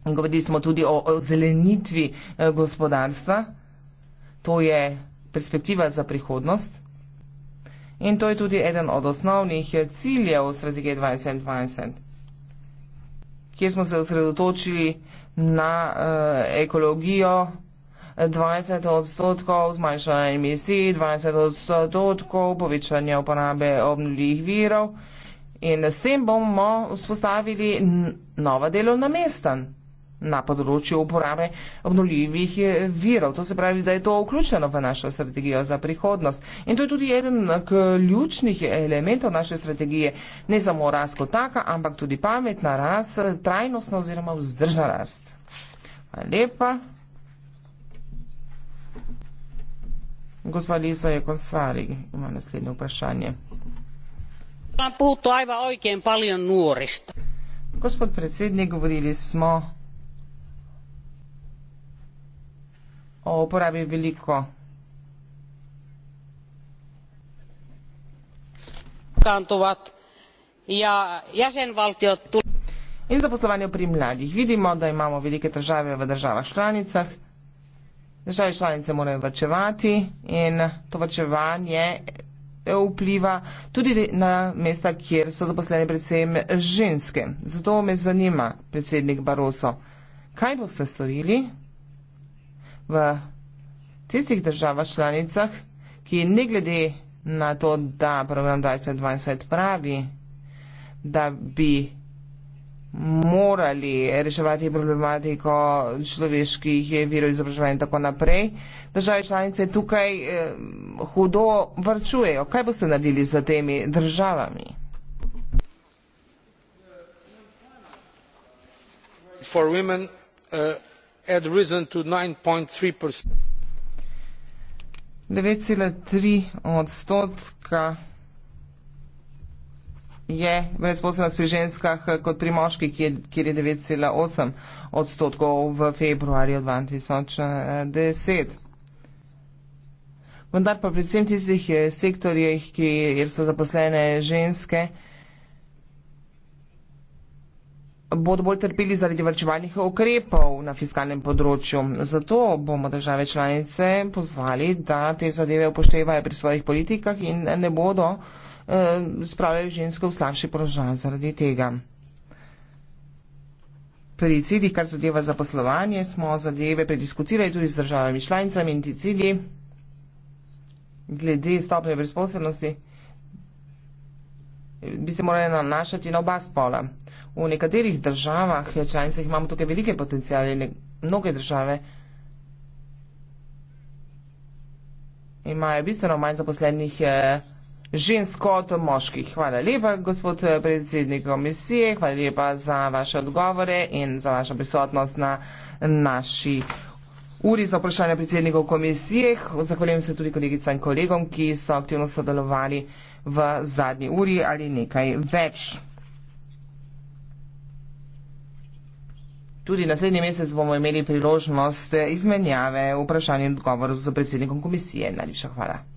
Govorili smo tudi o, o zelenitvi eh, gospodarstva. To je perspektiva za prihodnost. In to je tudi eden od osnovnih eh, ciljev strategije 2020, kjer smo se osredotočili na uh, ekologijo 20 odstotkov zmanjšanja emisij, 20 odstotkov povečanja uporabe obnovljivih virov. Uh, In s tem bomo vzpostavili nova delovna mesta na področju uporabe obnoljivih eh, virov. To se pravi, da je to vključeno v našo strategijo za prihodnost. In to je tudi eden ključnih elementov naše strategije. Ne samo rast kot taka, ampak tudi pametna rast, trajnostna oziroma vzdržna rast. Hvala lepa. Gospa Lisa je konsvari, ima naslednje vprašanje. Gospod predsednik, govorili smo o uporabi veliko. Ja in zaposlovanje pri mladih. Vidimo, da imamo velike države v državah članicah. Države članice morajo vrčevati in to vrčevanje vpliva tudi na mesta, kjer so zaposlene predvsem ženske. Zato me zanima, predsednik Baroso, kaj boste storili v tistih državah članicah, ki ne glede na to, da program 2020 pravi, da bi morali reševati problematiko človeških virov izobraževanja in tako naprej. Države članice tukaj eh, hudo vrčujejo. Kaj boste naredili za temi državami? Women, uh, eh, 9,3 odstotka je brezposobnost pri ženskah eh, kot pri moških, kjer je 9,8 odstotkov v februarju 2010. Vendar pa predvsem tistih eh, sektorjih, kjer so zaposlene ženske, bodo bolj trpili zaradi vrčevalnih ukrepov na fiskalnem področju. Zato bomo države članice pozvali, da te zadeve upoštevajo pri svojih politikah in ne bodo. Eh, spravljajo žensko v slabši položaj zaradi tega. Pri ciljih, kar zadeva zaposlovanje, smo zadeve prediskutirali tudi z državami članicami in ti cilji glede stopne brezposobnosti bi se morali nanašati na oba spola. V nekaterih državah članicah imamo tukaj velike potencijale, mnoge države imajo bistveno manj zaposlenih. Eh, žensk kot moških. Hvala lepa, gospod eh, predsednik komisije, hvala lepa za vaše odgovore in za vašo prisotnost na naši uri za vprašanje predsednikov komisije. Zahvaljujem se tudi kolegicam in kolegom, ki so aktivno sodelovali v zadnji uri ali nekaj več. Tudi naslednji mesec bomo imeli priložnost izmenjave vprašanja in odgovorov z predsednikom komisije. Najlepša hvala.